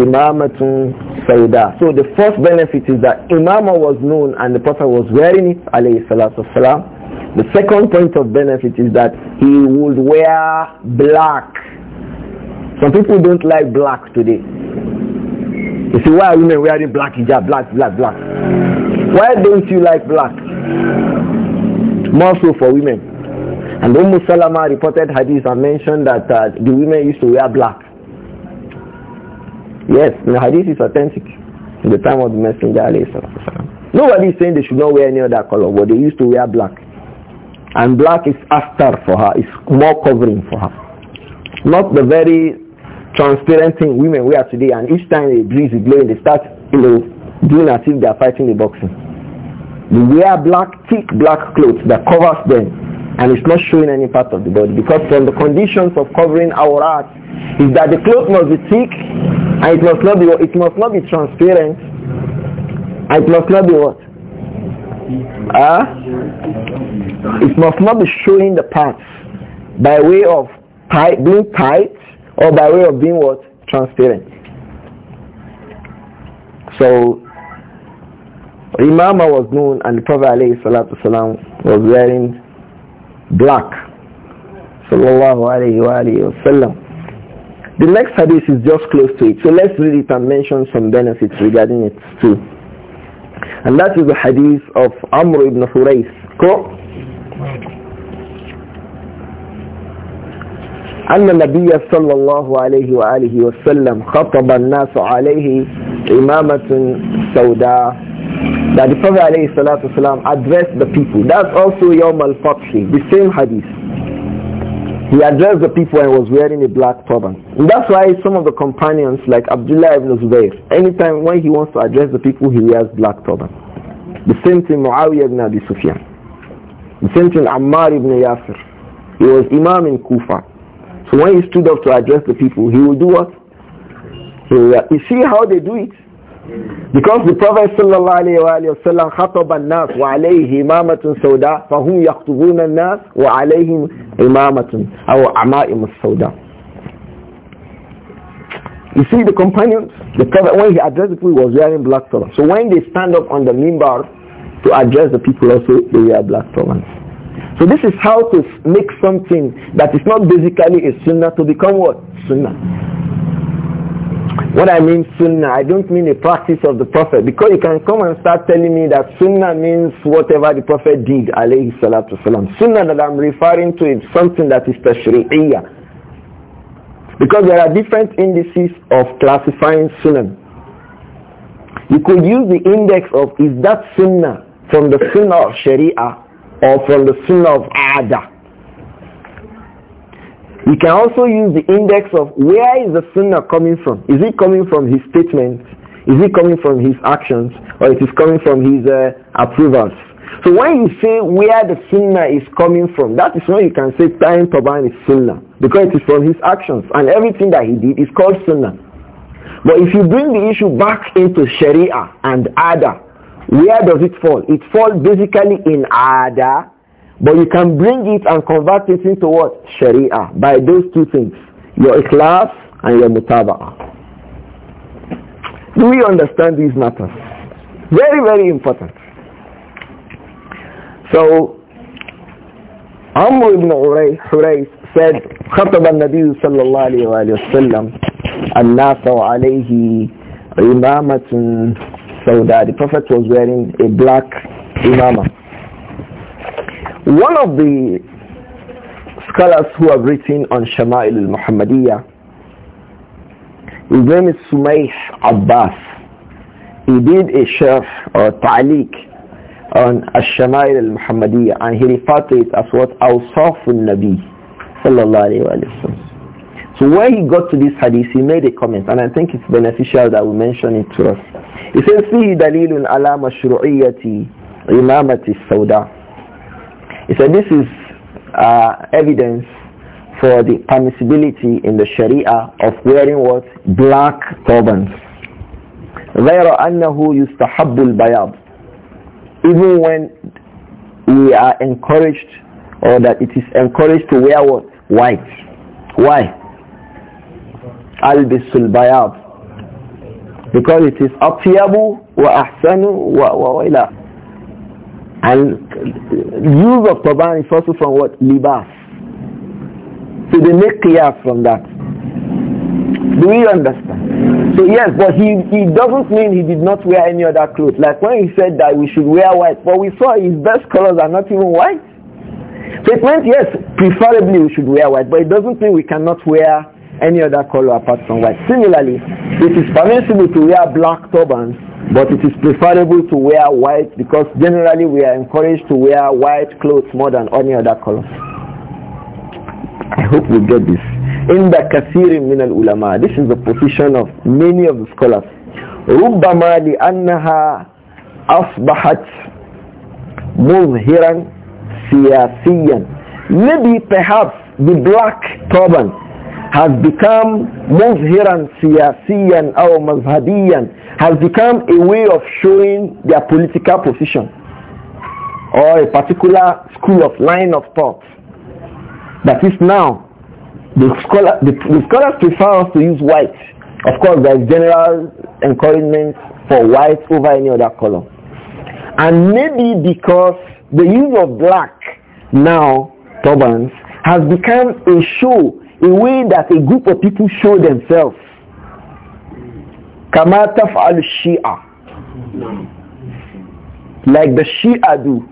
imamatun sauda. So the first benefit is that imama was known and the Prophet was wearing it alayhi salatu salam. The second point of benefit is that he would wear black. Some people don't like black today. You see, why are women wearing black hijab, black, black, black? Why don't you like black? More so for women. And Umm Salama reported hadith and mentioned that uh, the women used to wear black. Yes, the hadith is authentic. In the time of the Messenger, nobody is saying they should not wear any other color, but they used to wear black. And black is after for her, it's more covering for her. Not the very transparent thing women wear today and each time a breeze is blowing they start you know, doing as if they are fighting the boxing. They wear black, thick black clothes that covers them and it's not showing any part of the body because from the conditions of covering our art is that the cloth must be thick and it must not be it must not be transparent and it must not be what Ah, uh, it must not be showing the parts by way of tight, being tight or by way of being what? Transparent. So Imam was known and the Prophet was wearing black. Sallallahu The next hadith is just close to it. So let's read it and mention some benefits regarding it too. And that is the hadith of Amr ibn Thurais. Go. أن النبي صلى الله عليه وآله وسلم خطب الناس عليه إمامة سوداء that the Prophet عليه الصلاة والسلام addressed the people that's also يوم الفتح the same hadith he addressed the people and was wearing a black turban. And that's why some of the companions like Abdullah ibn Zubayr, anytime when he wants to address the people, he wears black turban. The same thing Muawiyah ibn Abi Sufyan. The same thing Ammar ibn Yasir. He was Imam in Kufa. So when he stood up to address the people, he would do what? He would, you see how they do it? Because the Prophet sallallahu alayhi wa sallam khatab al-nas wa alayhi imamatun sawda fahum yaktubun al-nas wa alayhim imamatun aw ama'im sawda You see the companions, the Prophet when he addressed the people was wearing black turban. So when they stand up on the mimbar to address the people also, they wear black turbans. So this is how to make something that is not basically a sunnah to become what? Sunnah. What I mean sunnah, I don't mean the practice of the Prophet. Because you can come and start telling me that sunnah means whatever the Prophet did, alayhi salatu salam. Sunnah that I'm referring to is something that is tashri'iyah. Because there are different indices of classifying sunnah. You could use the index of is that sunnah from the sunnah of sharia or from the sunnah of ada. You can also use the index of where is the sunnah coming from. Is it coming from his statements? Is it coming from his actions? Or it is coming from his uh, approvals? So when you say where the sunnah is coming from, that is when you can say time Taban is sunnah. Because it is from his actions. And everything that he did is called sunnah. But if you bring the issue back into sharia and ada, where does it fall? It falls basically in ada but you can bring it and convert it into what? Sharia. By those two things. Your ikhlas and your mutaba'ah. Do we understand these matters? Very, very important. So, Amr ibn Hurayth said, خطب النبي صلى الله عليه وآله وسلم الناس وعليه إمامة سوداء. The Prophet was wearing a black imamah. One of the scholars who have written on Shama'il al muhammadiyya his name is Sumayh Abbas. He did a sharh or ta'liq on al shamail al muhammadiyya and he referred to it as what? Awsaf al-Nabi sallallahu alayhi wa so when he got to this hadith, he made a comment, and I think it's beneficial that we mention it to us. He says, فيه دليل على مشروعية إمامة السوداء he said this is uh, evidence for the permissibility in the Sharia of wearing what? Black turbans. غير أنه يستحب البياض even when we are encouraged or that it is encouraged to wear what? White. Why? Albisul bayad. Because it is atyabu wa ahsanu wa wa and use of turban is also from what? Libas. So they make clear from that. Do we understand? So yes, but he, he doesn't mean he did not wear any other clothes. Like when he said that we should wear white, but we saw his best colors are not even white. So it meant yes, preferably we should wear white, but it doesn't mean we cannot wear any other color apart from white. Similarly, it is permissible to wear black turbans, but it is preferable to wear white because generally we are encouraged to wear white clothes more than any other color. I hope you get this. In the kathirin min al-ulama, this is the position of many of the scholars. ربما لأنها أصبحت مظهرا سياسيا. Maybe perhaps the black turban has become مظهرا سياسيا or مذهبيا has become a way of showing their political position or a particular school of line of thought. That is now the, scholar, the, the scholars prefer us to use white. Of course, there is general encouragement for white over any other color. And maybe because the use of black now, turbans, has become a show a way that a group of people show themselves. Kama al shia. Like the Shia do.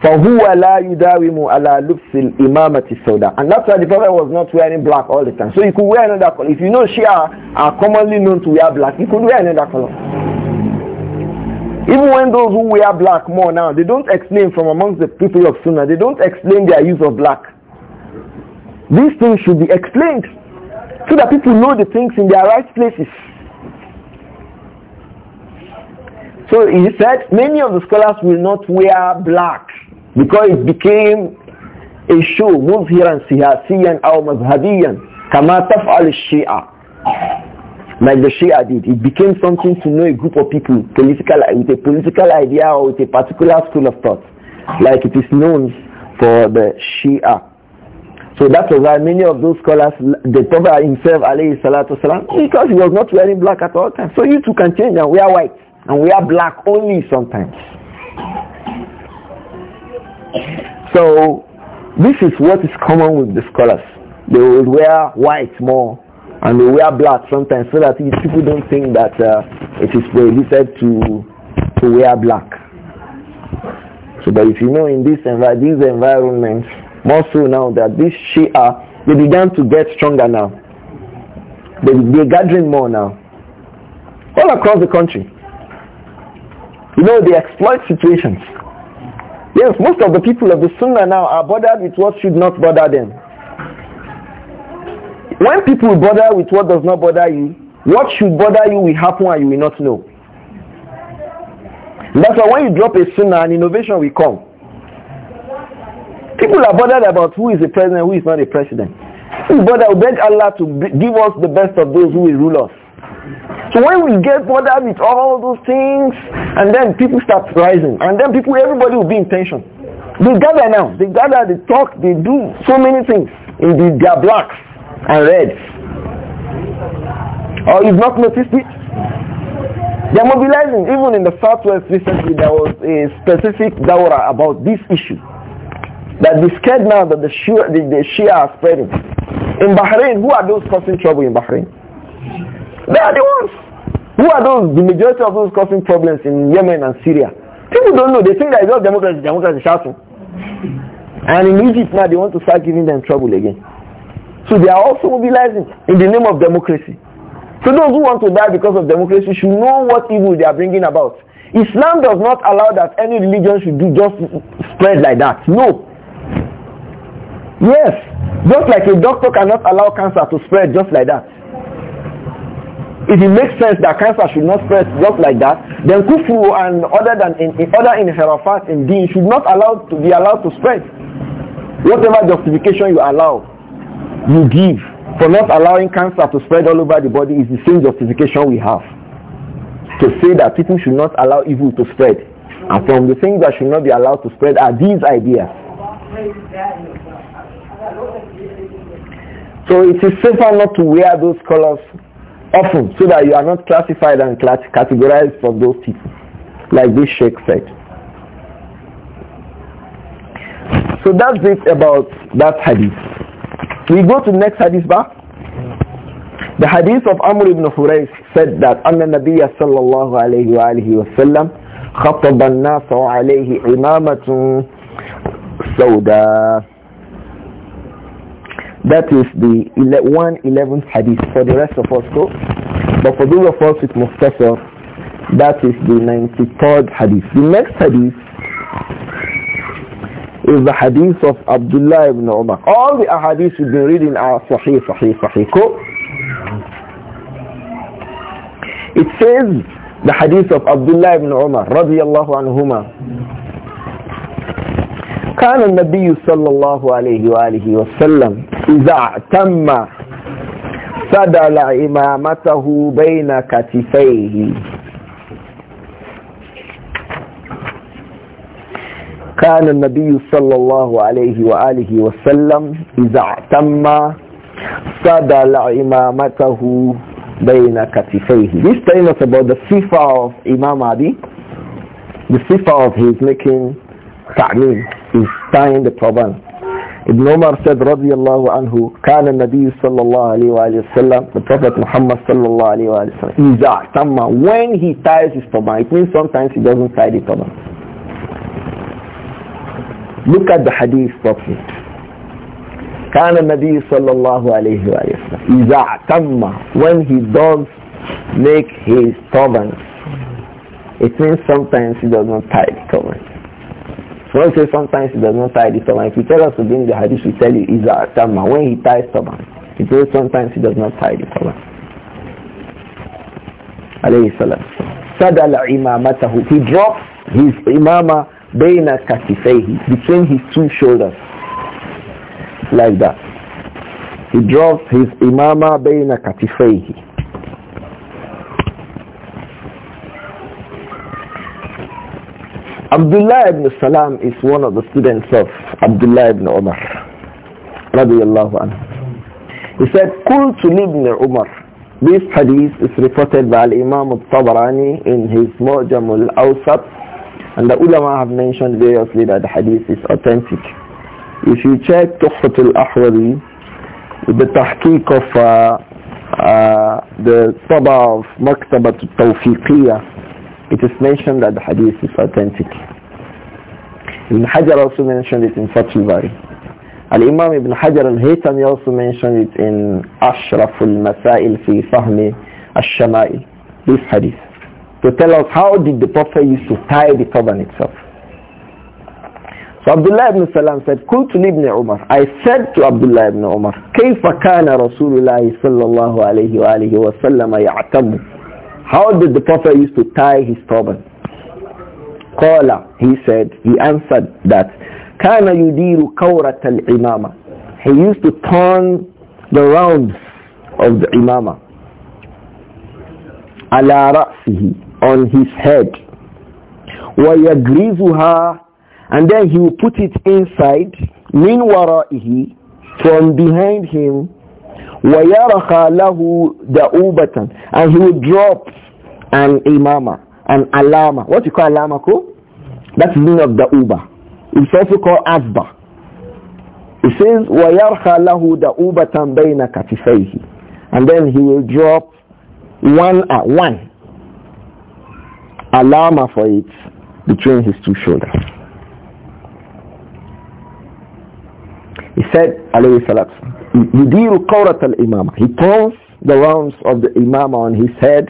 فَهُوَ لَا يُدَاوِمُ عَلَى لُبْسِ الْإِمَامَةِ السَّوْدَى And that's why the Prophet was not wearing black all the time. So you could wear another color. If you know Shia are commonly known to wear black, you could wear another color. Even when those who wear black more now, they don't explain from amongst the people of Sunnah, they don't explain their use of black. These things should be explained so that people know the things in their right places. So he said many of the scholars will not wear black because it became a show مظهرا come out مذهبيا all the Shia. like the Shia did. It became something to know a group of people political, with a political idea or with a particular school of thought like it is known for the Shia. So that was why many of those scholars, the Prophet himself, alayhi salatu salam, because he was not wearing black at all times. So you too can change and wear white. And wear black only sometimes. So this is what is common with the scholars. They will wear white more and they wear black sometimes so that people don't think that uh, it is prohibited to, to wear black. So but if you know in this envi- these environments, more so now that these Shia, they began to get stronger now. They, they're gathering more now. All across the country. You know, they exploit situations. Yes, most of the people of the Sunnah now are bothered with what should not bother them. When people bother with what does not bother you, what should bother you will happen and you will not know. That's why when you drop a Sunnah, an innovation will come. People are bothered about who is the president, who is not the president. But I beg Allah to give us the best of those who will rule us. So when we get bothered with all those things, and then people start rising, and then people, everybody will be in tension. They gather now. They gather, they talk, they do so many things. In the, their blacks and reds. Or oh, you've not noticed it? They're mobilizing. Even in the southwest recently, there was a specific dawra about this issue. That they scared now that the Shia, the, the Shia are spreading. In Bahrain, who are those causing trouble in Bahrain? They are the ones. Who are those, the majority of those causing problems in Yemen and Syria? People don't know. They think that it's all democracy, democracy shouting. And in Egypt now, they want to start giving them trouble again. So they are also mobilizing in the name of democracy. So those who want to die because of democracy should know what evil they are bringing about. Islam does not allow that any religion should do just spread like that. No. Yes, just like a doctor cannot allow cancer to spread just like that. If it makes sense that cancer should not spread just like that, then kufu and other than in, in other inherafat and deen should not allowed to be allowed to spread. Whatever justification you allow, you give for not allowing cancer to spread all over the body is the same justification we have to say that people should not allow evil to spread. And from the things that should not be allowed to spread are these ideas. So it is safer not to wear those colors often so that you are not classified and categorized from those people, like this Sheikh said. So that's it about that hadith. We go to the next hadith back. The hadith of Amr ibn Hurayth said that أن النبي صلى الله عليه وآله وسلم خطب الناس عليه عمامة سوداء that is the 111th hadith for the rest of us. So, but for those of us with Mukhtasar, that is the 93rd hadith. The next hadith is the hadith of Abdullah ibn Umar. All the hadiths we've been reading are sahih, sahih, sahih. It says the hadith of Abdullah ibn Umar radiyallahu anhuma كان النبي صلى الله عليه وآله وسلم إذا تم فدل إمامته بين كتفيه كان النبي صلى الله عليه وآله وسلم إذا تم فدل إمامته بين كتفيه This telling us about the sifa of Imam Ali The sifa of his making ta'min is tying the turban Ibn Umar said radiyallahu anhu, كان النبي صلى الله عليه وآله وسلم, the Prophet Muhammad صلى الله عليه وآله وسلم, إذا تم, when he ties his turban, it means sometimes he doesn't tie the turban. Look at the hadith properly. كان النبي صلى الله عليه وآله وسلم, إذا تم, when he does make his turban, it means sometimes he does not tie the turban. One says sometimes he does not tie the turban. If you tell us to bring the hadith, we tell you he's a turban. When he ties turban, he says sometimes he does not tie the turban. Alayhi salam. Sadala imamatahu. He drops his imama bayna katifayhi, between his two shoulders. Like that. He drops his imama bayna katifayhi. Abdullah ibn Salam is one of the students of Abdullah ibn Umar. Radiallahu anhu. He said, in ibn Umar. This hadith is reported by Imam al-Tabarani in his Mu'jam al-Awsat. And the ulama have mentioned variously that the hadith is authentic. If you check Tuhfat al-Ahwari, the tahqiq of uh, uh, the Taba of Maktabat al-Tawfiqiyah, it is mentioned that the hadith is authentic. Ibn Hajar also mentioned it in Fathul Bari. Al-Imam Ibn Hajar al-Haytami also mentioned it in Ashraful Masail fi Fahmi al-Shama'il, this hadith, to tell us how did the Prophet used to tie the turban itself. So Abdullah ibn Salam said, قلت ibn Umar." I said to Abdullah ibn Umar, كيف كان رسول الله صلى الله عليه وآله وسلم يعتمد how did the Prophet used to tie his turban? Qala, he said, he answered that, كَانَ يُدِيرُ كَوْرَةَ الْإِمَامَةِ He used to turn the rounds of the imama. عَلَى رَأْسِهِ On his head. وَيَغْرِزُهَا And then he would put it inside, مِنْ وَرَائِهِ From behind him, وَيَرَخَى لَهُ دَعُوبَةً And he will drop an imama, an alama. What you call alama, ko? That's the meaning of da'uba. It's also called asba. It says, وَيَرْخَى لَهُ دَعُوبَةً بَيْنَ كَتِفَيْهِ And then he will drop one at uh, one alama for it between his two shoulders. He said, alayhi salatu يدير قورة الإمامة he turns the rounds of the imam on his head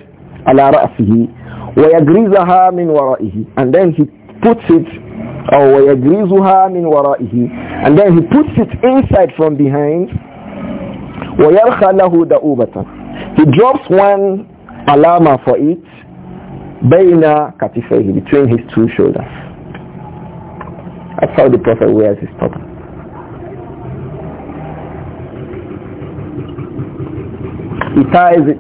على رأسه ويجرزها من ورائه and then he puts it or ويجرزها من ورائه and then he puts it inside from behind ويرخى له دؤوبة he drops one alama for it بين كتفيه between his two shoulders that's how the prophet wears his turban He ties it.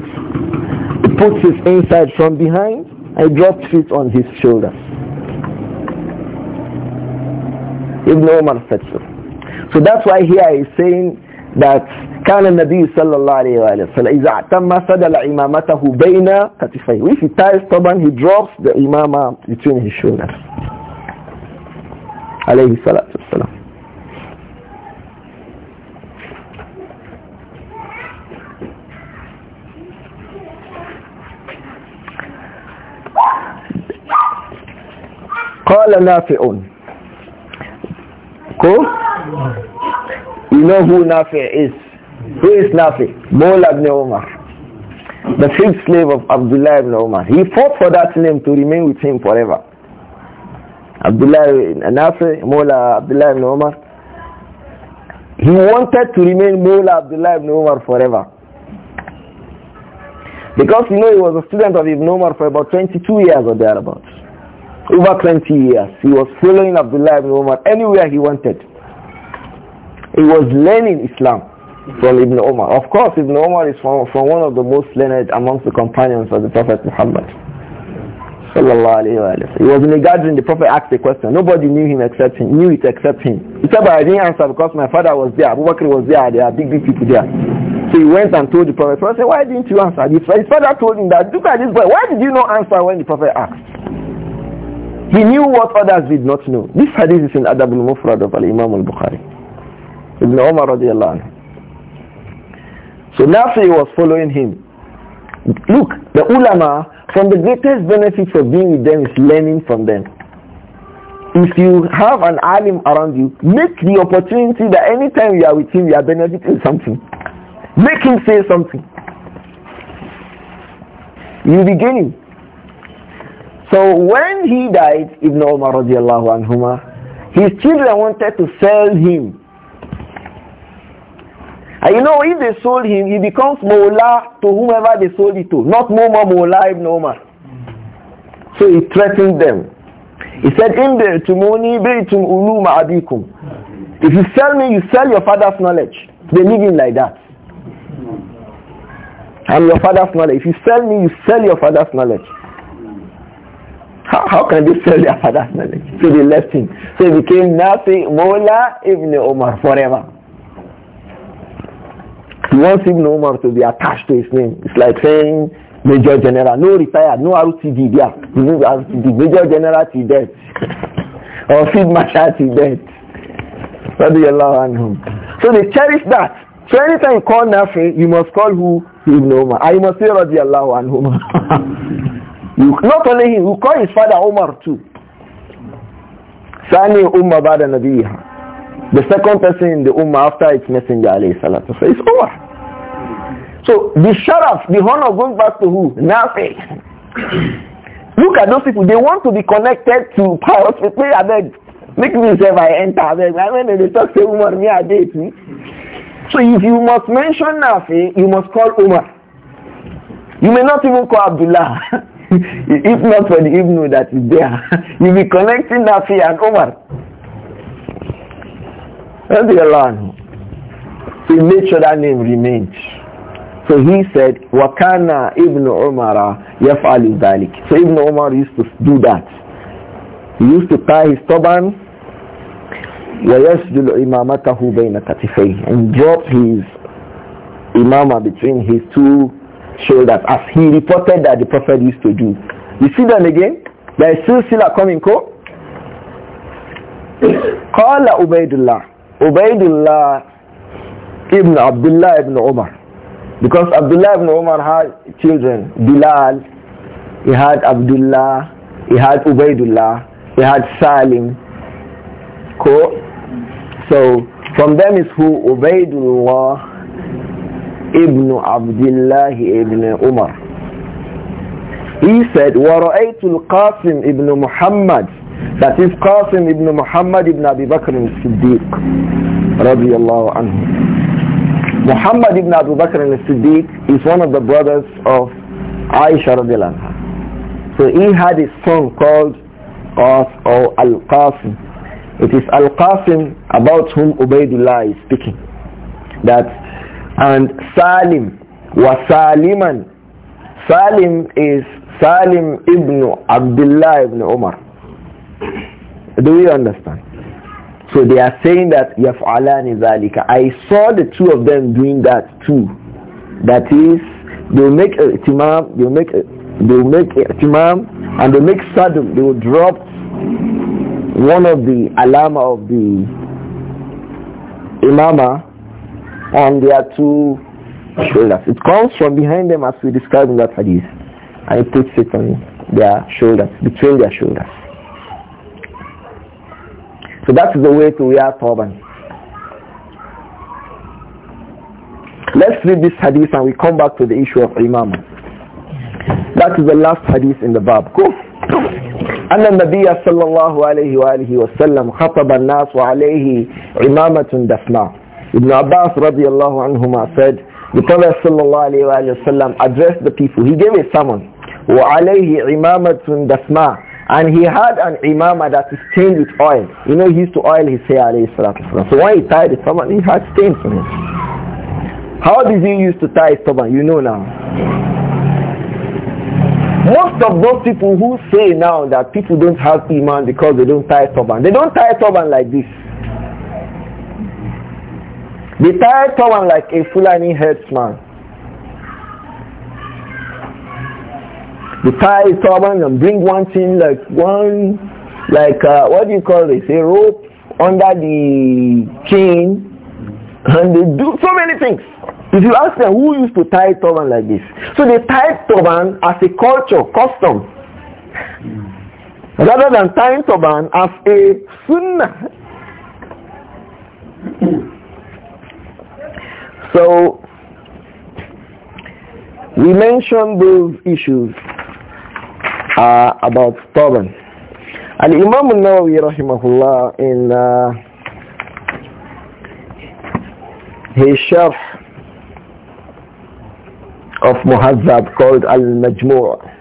He puts his inside from behind I drop feet on his shoulder. Ibn Umar said so. So that's why here he's saying that كان النبي صلى الله عليه وآله وسلم إذا اعتم سدل إمامته بين كتفيه if he ties turban he drops the imama between his shoulders عليه الصلاة والسلام قال نافع Cool? You know who Nafi is? Who is Nafi? Mola ibn Umar. The fifth slave of Abdullah ibn Umar. He fought for that name to remain with him forever. Abdullah Nafi, Mola Abdullah ibn Umar. He wanted to remain Mola Abdullah ibn Umar forever. Because you know he was a student of Ibn Umar for about 22 years or thereabouts over 20 years. He was following Abdullah ibn Omar anywhere he wanted. He was learning Islam from Ibn Omar. Of course, Ibn Omar is from, from one of the most learned amongst the companions of the Prophet Muhammad. He was in the garden. the Prophet asked a question. Nobody knew him except him, knew it except him. He said, but I didn't answer because my father was there, Abu Bakr was there, there are big, big people there. So he went and told the Prophet, the Prophet said, why didn't you answer? His father told him that, look at this boy, why did you not answer when the Prophet asked? He knew what others did not know. This hadith is in Adab al-Mufrad of al-Imam al-Bukhari. Ibn Umar radiallahu anhu. So Nafi was following him. Look, the ulama, from the greatest benefits of being with them is learning from them. If you have an alim around you, make the opportunity that anytime you are with him, you are benefiting something. Make him say something. You'll be gaining. So when he died, Ibn Umar radiallahu anhuma, his children wanted to sell him. And you know, if they sold him, he becomes Mawla to whomever they sold it to, not Mawma Mawla Ibn Umar. So he threatened them. He said, In bi'tumuni abikum. If you sell me, you sell your father's knowledge. They live in like that. I'm your father's knowledge. If you sell me, you sell your father's knowledge. How, how can they sell their father's knowledge? So they left him. So he became Nafi Mola Ibn Omar forever. He wants Ibn Omar to be attached to his name. It's like saying Major General. No retire, no RTD. Yeah, no RTD. Major General to death. [LAUGHS] or Field Marshal to death. Radiallahu anhum. So they cherish that. So anytime you call Nafi, you must call who? Ibn Omar. I must say Radiallahu anhum. [LAUGHS] not only him, you call his father Omar too. Sani Ummah Bada Nabiha. The second person in the Ummah after its messenger alayhi salatu so it's Omar. So the sharaf, the honor goes back to who? Nafi. Look at those people. They want to be connected to powers. me a bed. Make me say I enter a bed. I mean, they talk to Umar, me a date me. So if you must mention Nafi, you must call Umar. You may not even call Abdullah. [LAUGHS] if not for the Ibn that is there, [LAUGHS] you'll be connecting Nafi and Omar. So he made sure that name remained. So he said, Wakana Ibn Umar yaf'alu dhalik. So Ibn Umar used to do that. He used to tie his turban ويسجل إمامته بين كتفيه and drop his imama between his two that as he reported that the Prophet used to do. You see them again? There is still a coming call. قال Ubaidullah. Ubaidullah ibn Abdullah ibn Umar. Because Abdullah ibn Umar had children. Bilal, he had Abdullah, he had Ubaydullah, he had Salim. Ko. So from them is who Ubaidullah ibn Abdullah ibn Umar. He said, وَرَأَيْتُ Qasim ibn Muhammad That is Qasim ibn Muhammad ibn Abi Bakr al-Siddiq رضي الله عنه. Muhammad ibn Abu Bakr al-Siddiq is one of the brothers of Aisha رضي الله عنها. So he had a son called Qas or Al-Qasim. It is Al-Qasim about whom Ubaidullah is speaking. That and Salim wa Saliman. Salim is Salim ibn Abdullah ibn Umar. Do you understand? So they are saying that yaf'alani zalika. I saw the two of them doing that too. That is, they'll make a timam, they'll make a, they'll make a timam, and they make sadum. They will drop one of the alama of the imama and their two shoulders. It comes from behind them as we described in that hadith. And it puts it on their shoulders, between their shoulders. So that's the way to wear turban. Let's read this hadith and we come back to the issue of imam. That is the last hadith in the bab. Go. أن النبي صلى الله عليه وآله وسلم خطب الناس وعليه عمامة دفناء Ibn Abbas radiallahu anhuma said, the Prophet sallallahu alayhi wa sallam addressed the people. He gave a sermon. وَعَلَيْهِ عِمَامَةٌ دَسْمَةٌ and he had an imama that is stained with oil. You know, he used to oil his hair, alayhi salatu So when he tied his turban, he had stains on it. How did he used to tie his turban? You know now. Most of those people who say now that people don't have iman because they don't tie a turban, they don't tie a turban like this. They tie turban like a Fulani headsman. They tie turban and bring one thing like one, like uh, what do you call this? A rope under the chain, and they do so many things. If you ask them who used to tie turban like this, so they tie turban as a culture, custom, rather than tying turban as a sunnah. So we mentioned those issues uh, about stubborn. And Imam nawawi rahimahullah in uh, his sharh of Muhazzab called Al-Majmu'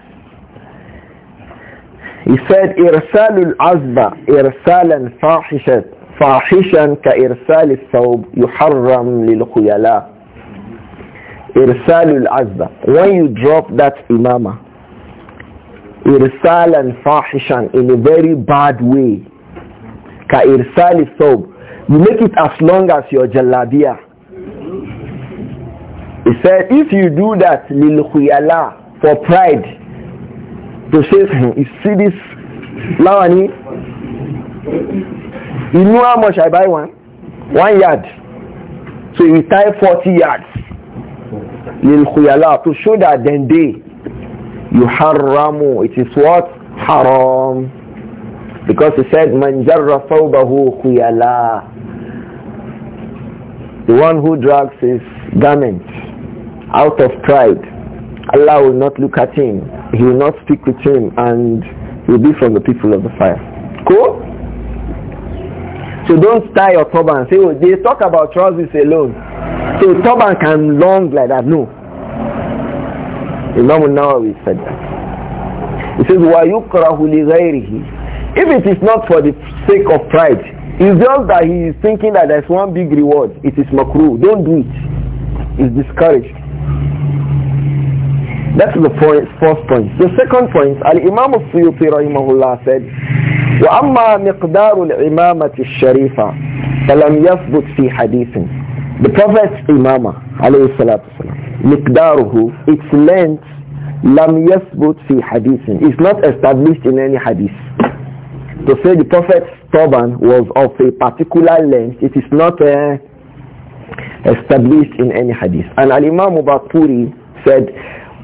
he said إرسال العزبة إرسالا فاحشة Fahishan فاحشا كإرسال الثوب يحرم للخيلاء إرسال العزبة when you drop that imama إرسال and fahishan in a very bad way كإرسال saub you make it as long as your jalabiya he said if you do that lil khuyala for pride to say [LAUGHS] you see this lawani you know how much I buy one? One yard. So you tie 40 yards. للخيلاء to show that then they you haramu. it is what haram because he said man jarra thawbahu khuyala the one who drags his garment out of pride Allah will not look at him he will not speak with him and he will be from the people of the fire cool so don't tie your turban. Say, oh, they talk about trousers alone. So turban can long like that. No. Imam Nawawi said that. He says, وَيُكْرَهُ لِغَيْرِهِ If it is not for the sake of pride, it's just that he is thinking that there's one big reward. It is makruh. Don't do it. It's discouraged. That's the first point. The second point, Al-Imam al-Suyuti rahimahullah said, وأما مقدار الإمامة الشريفة فلم يثبت في حديث The Prophet's عليه الصلاة والسلام مقداره its length لم يثبت في حديث It's not established in any hadith To say the Prophet's turban was of a particular length it is not uh, established in any hadith and Al-Imam Baturi said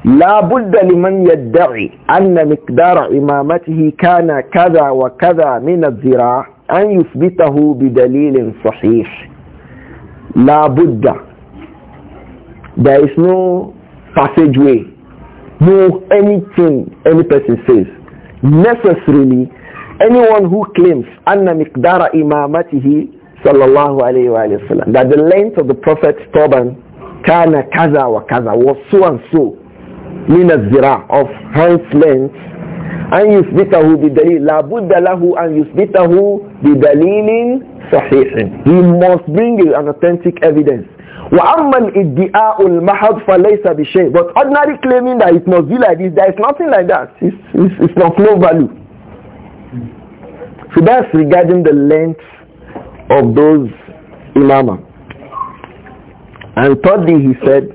لا بد لمن يدعي أن مقدار إمامته كان كذا وكذا من الذراع أن يثبته بدليل صحيح لا بد there is no passageway no anything any person says necessarily anyone who claims أن مقدار إمامته صلى الله عليه وآله وسلم that the length of the prophet's turban كان كذا وكذا was so and so min az of hand's length an yusbitahu bidalil la budda lahu an yusbitahu bidalilin sahihin he must bring an authentic evidence وأما الادعاء المحض فليس بشيء but ordinary claiming that it must be like this there is nothing like that it's, it's, it's of no value so that's regarding the length of those imama and thirdly he said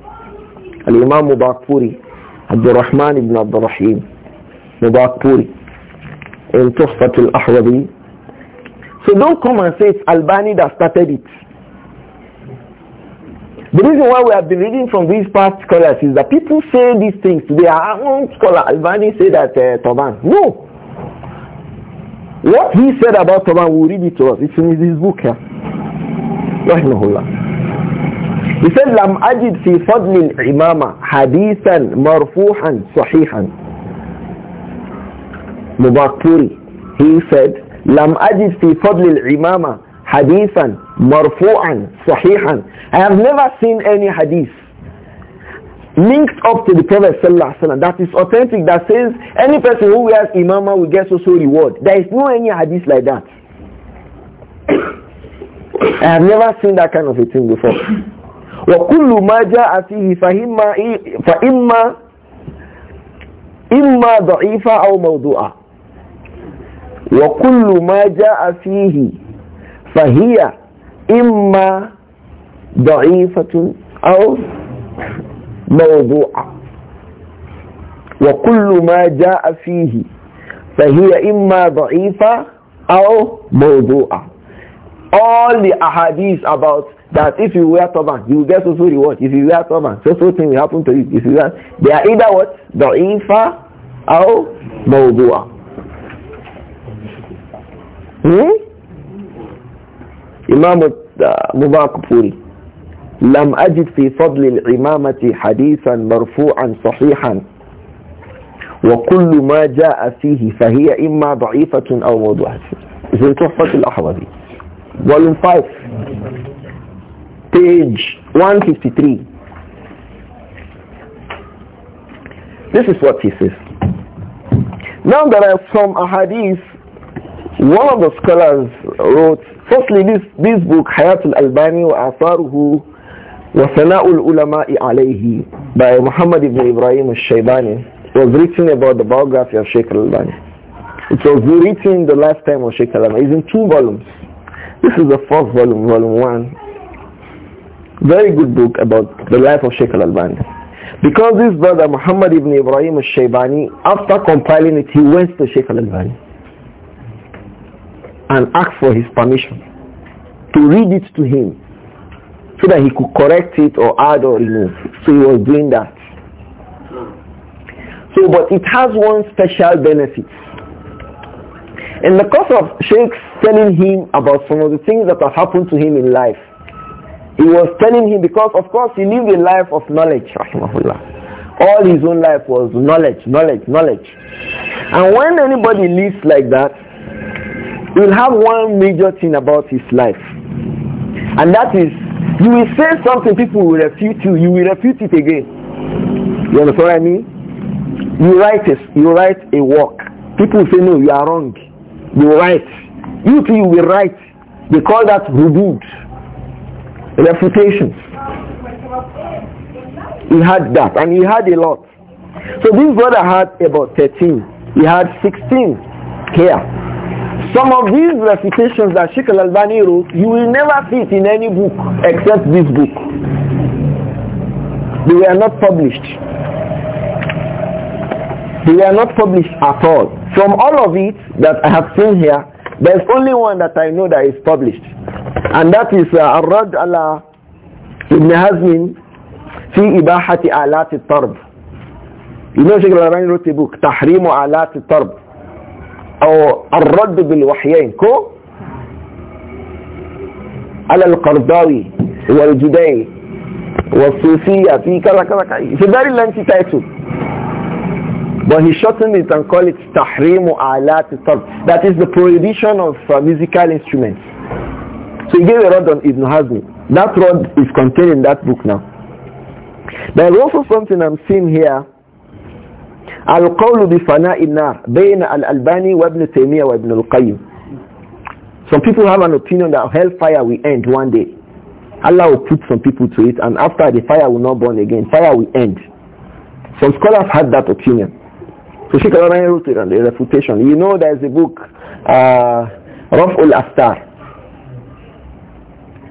al-imam Mubakfuri ibn in So don't come and say it's Albani that started it. The reason why we have been reading from these past scholars is that people say these things today. Our own scholar Albani say that uh, Taban. No. What he said about Taban, will read it to us. It's in his book here. Rahimahullah. He said, لم أجد في فضل الإمامة hadithan marfuhan sahihan. Mubakpuri. He said, لم أجد في فضل الإمامة hadithan marfuhan sahihan. I have never seen any hadith linked up to the Prophet sallallahu alaihi wasallam that is authentic that says any person who wears imama will get so so reward. There is no any hadith like that. [COUGHS] I have never seen that kind of a thing before. وكل ما جاء فيه فإما فإما إما ضعيفة أو موضوعة وكل ما جاء فيه فهي إما ضعيفة أو موضوعة وكل ما جاء فيه فهي إما ضعيفة أو موضوعة all the ahadith about that if you wear turban, you get so reward. If you wear turban, so so thing will happen to you. If you wear, they are either what infa or mawdu'a. Hmm? Imam Mubarak Puri. لم أجد في فضل الإمامة حديثا مرفوعا صحيحا وكل ما جاء فيه فهي إما ضعيفة أو موضوعة في تحفة الأحوذي volume 5 page 153. This is what he says. Now that I some from Ahadith, one of the scholars wrote, firstly this, this book, Hayat al-Albani wa Atharuhu wa Sana'ul Ulama'i alayhi by Muhammad ibn Ibrahim al-Shaybani was written about the biography of Sheikh al-Albani. It was written the last time of Sheikh al-Albani. It's in two volumes. This is the first volume, volume one, very good book about the life of Sheikh al-Albani. Because this brother Muhammad ibn Ibrahim al-Shaybani, after compiling it, he went to Sheikh al-Albani and asked for his permission to read it to him so that he could correct it or add or remove. So he was doing that. So, but it has one special benefit. In the course of Sheikh telling him about some of the things that have happened to him in life, he was telling him because of course he lived a life of knowledge, All his own life was knowledge, knowledge, knowledge. And when anybody lives like that, he'll have one major thing about his life. And that is, you will say something, people will refute you, you will refute it again. You understand what I mean? You write a, you write a work. People say, no, you are wrong. You write. You too, you will write. They call that rebuke refutations. He had that and he had a lot. So this brother had about 13. He had 16 here. Some of these refutations that Sheikh al-Albani wrote, you will never see it in any book except this book. They were not published. They were not published at all. From all of it that I have seen here, there's only one that I know that is published. and that is uh, الرد Ibn Hazmin fi ibahati alati tarb You know Sheikh Al-Albani wrote a book تحريم آلات الطرب أو الرد بالوحيين كو على القرضاوي والجدي والصوفية في كذا كذا كذا It's a very lengthy title But he shortened it and called it تحريم alati tarb That is the prohibition of musical instruments So he gave a rod on Ibn Hazmi. That rod is contained in that book now. There is also something I'm seeing here. Al-Qawlu bi-fana'i nar bayna al-Albani wa Ibn wa Ibn al Some people have an opinion that hellfire will end one day. Allah will put some people to it and after the fire will not burn again. Fire will end. Some scholars had that opinion. So Sheikh Al-Albani wrote it on the refutation. You know there is a book, uh, Raf al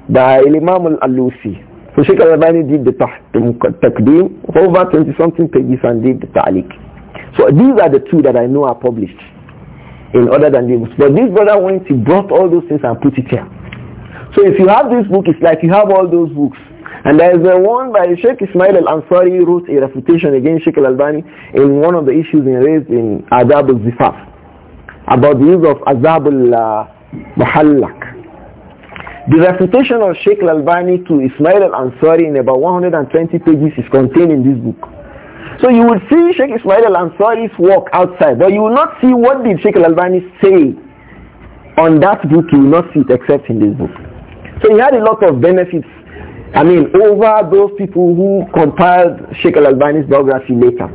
by Imam al-Alusi. who Sheikh al-Albani did the taqdeem for over 20 something pages and did the ta'liq. So these are the two that I know are published in other than the books. But this brother went, he brought all those things and put it here. So if you have this book, it's like you have all those books. And there is the one by Sheikh Ismail al-Ansari wrote a refutation against Sheikh al-Albani in one of the issues he raised in Adab al-Zifaf about the use of Azab al-Muhallak. The refutation of Sheikh Al-Albani to Ismail al-Ansari in about 120 pages is contained in this book. So you will see Sheikh Ismail al-Ansari's work outside, but you will not see what did Sheikh al-Albani say on that book. You will not see it except in this book. So he had a lot of benefits. I mean, over those people who compiled Sheikh al-Albani's biography later.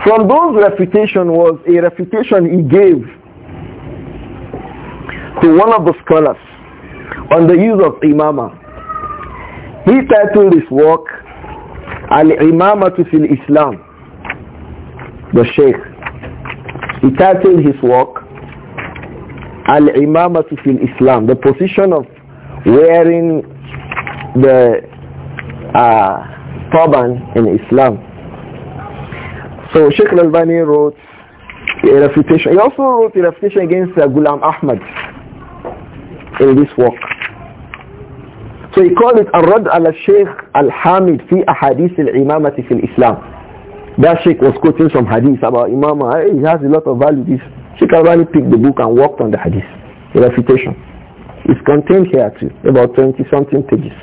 From those refutation was a refutation he gave to one of the scholars on the use of imama. He titled his work Al-Imamatu fil Islam, the Sheikh. He titled his work Al-Imamatu fil Islam, the position of wearing the uh, turban in Islam. So Sheikh Al-Bani wrote a refutation. He also wrote a refutation against uh, Ghulam Ahmad in this work. So he called it Ar-Rad al-Sheikh al-Hamid fi ahadith al-imamati al Islam. That sheikh was quoting some hadith about Imam. It has a lot of value. This Sheikh Albani picked the book and worked on the hadith, the refutation. It's contained here too, about 20 something pages.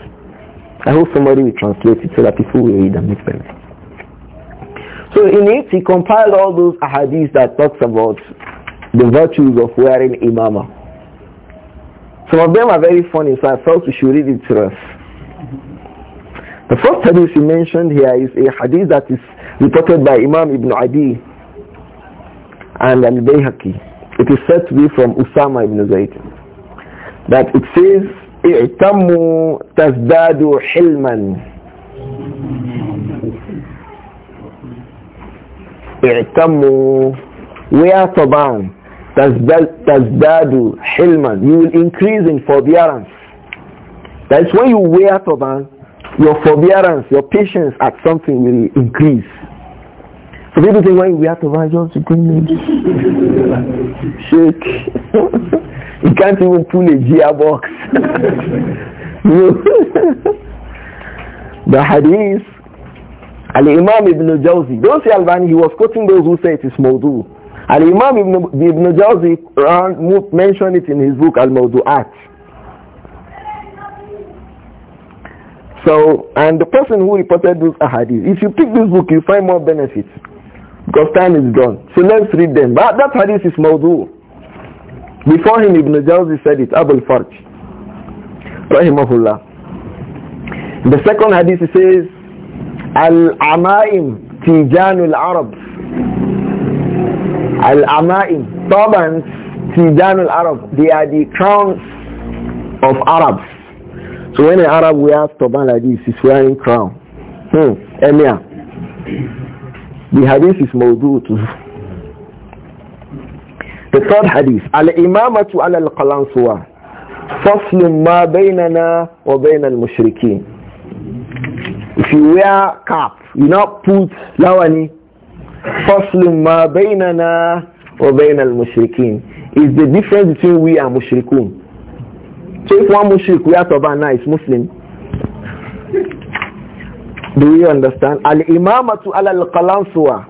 I hope somebody will translate it so that people will read and make sense. So in it, he compiled all those hadiths that talks about the virtues of wearing Imamah. Some of them are very funny, so I thought we should read it to us. The first hadith we mentioned here is a hadith that is reported by Imam Ibn Adi and Al-Bayhaqi. It is said to be from Usama Ibn Zayd. That it says, اِعْتَمُّوا تَزْدَادُوا حِلْمًا اِعْتَمُّوا We are Tazdadu hilman. You will increase in forbearance. That is when you wear turban, your forbearance, your patience at something will increase. So people think when you wear turban, just going to [LAUGHS] shake. [LAUGHS] you can't even pull a gearbox. [LAUGHS] the hadith, Al-Imam Ibn Al Jawzi, don't say Al-Bani, he was quoting those who say it is mawdu. And Imam Ibn, Ibn Jawzi mentioned it in his book Al-Mawdu'at. So, and the person who reported those ahadith, if you pick this book, you find more benefits. Because time is gone. So let's read them. But that hadith is mawdu. Before him, Ibn Jawzi said it, Abul al-Farj. Rahimahullah. The second hadith says, Al-Amaim Tijanul Arab. Al-Ama'im, turbans, Tijan al-Arab, they are the crowns of Arabs. So when an Arab wears turban like this, he's wearing crown. Hmm, Emir. The hadith is mawdu The third hadith, Al-Imamatu ala al-Qalansuwa, فصل ما بيننا وبين المشركين. If you wear cap, you not put lawani فَصْلٌ مَا بَيْنَنَا وَبَيْنَ الْمُشْرِكِينَ is the difference between we and mushrikun. So if one mushrik are turban now is Muslim. Do you understand? Al-imamatu ala al-qalansuwa.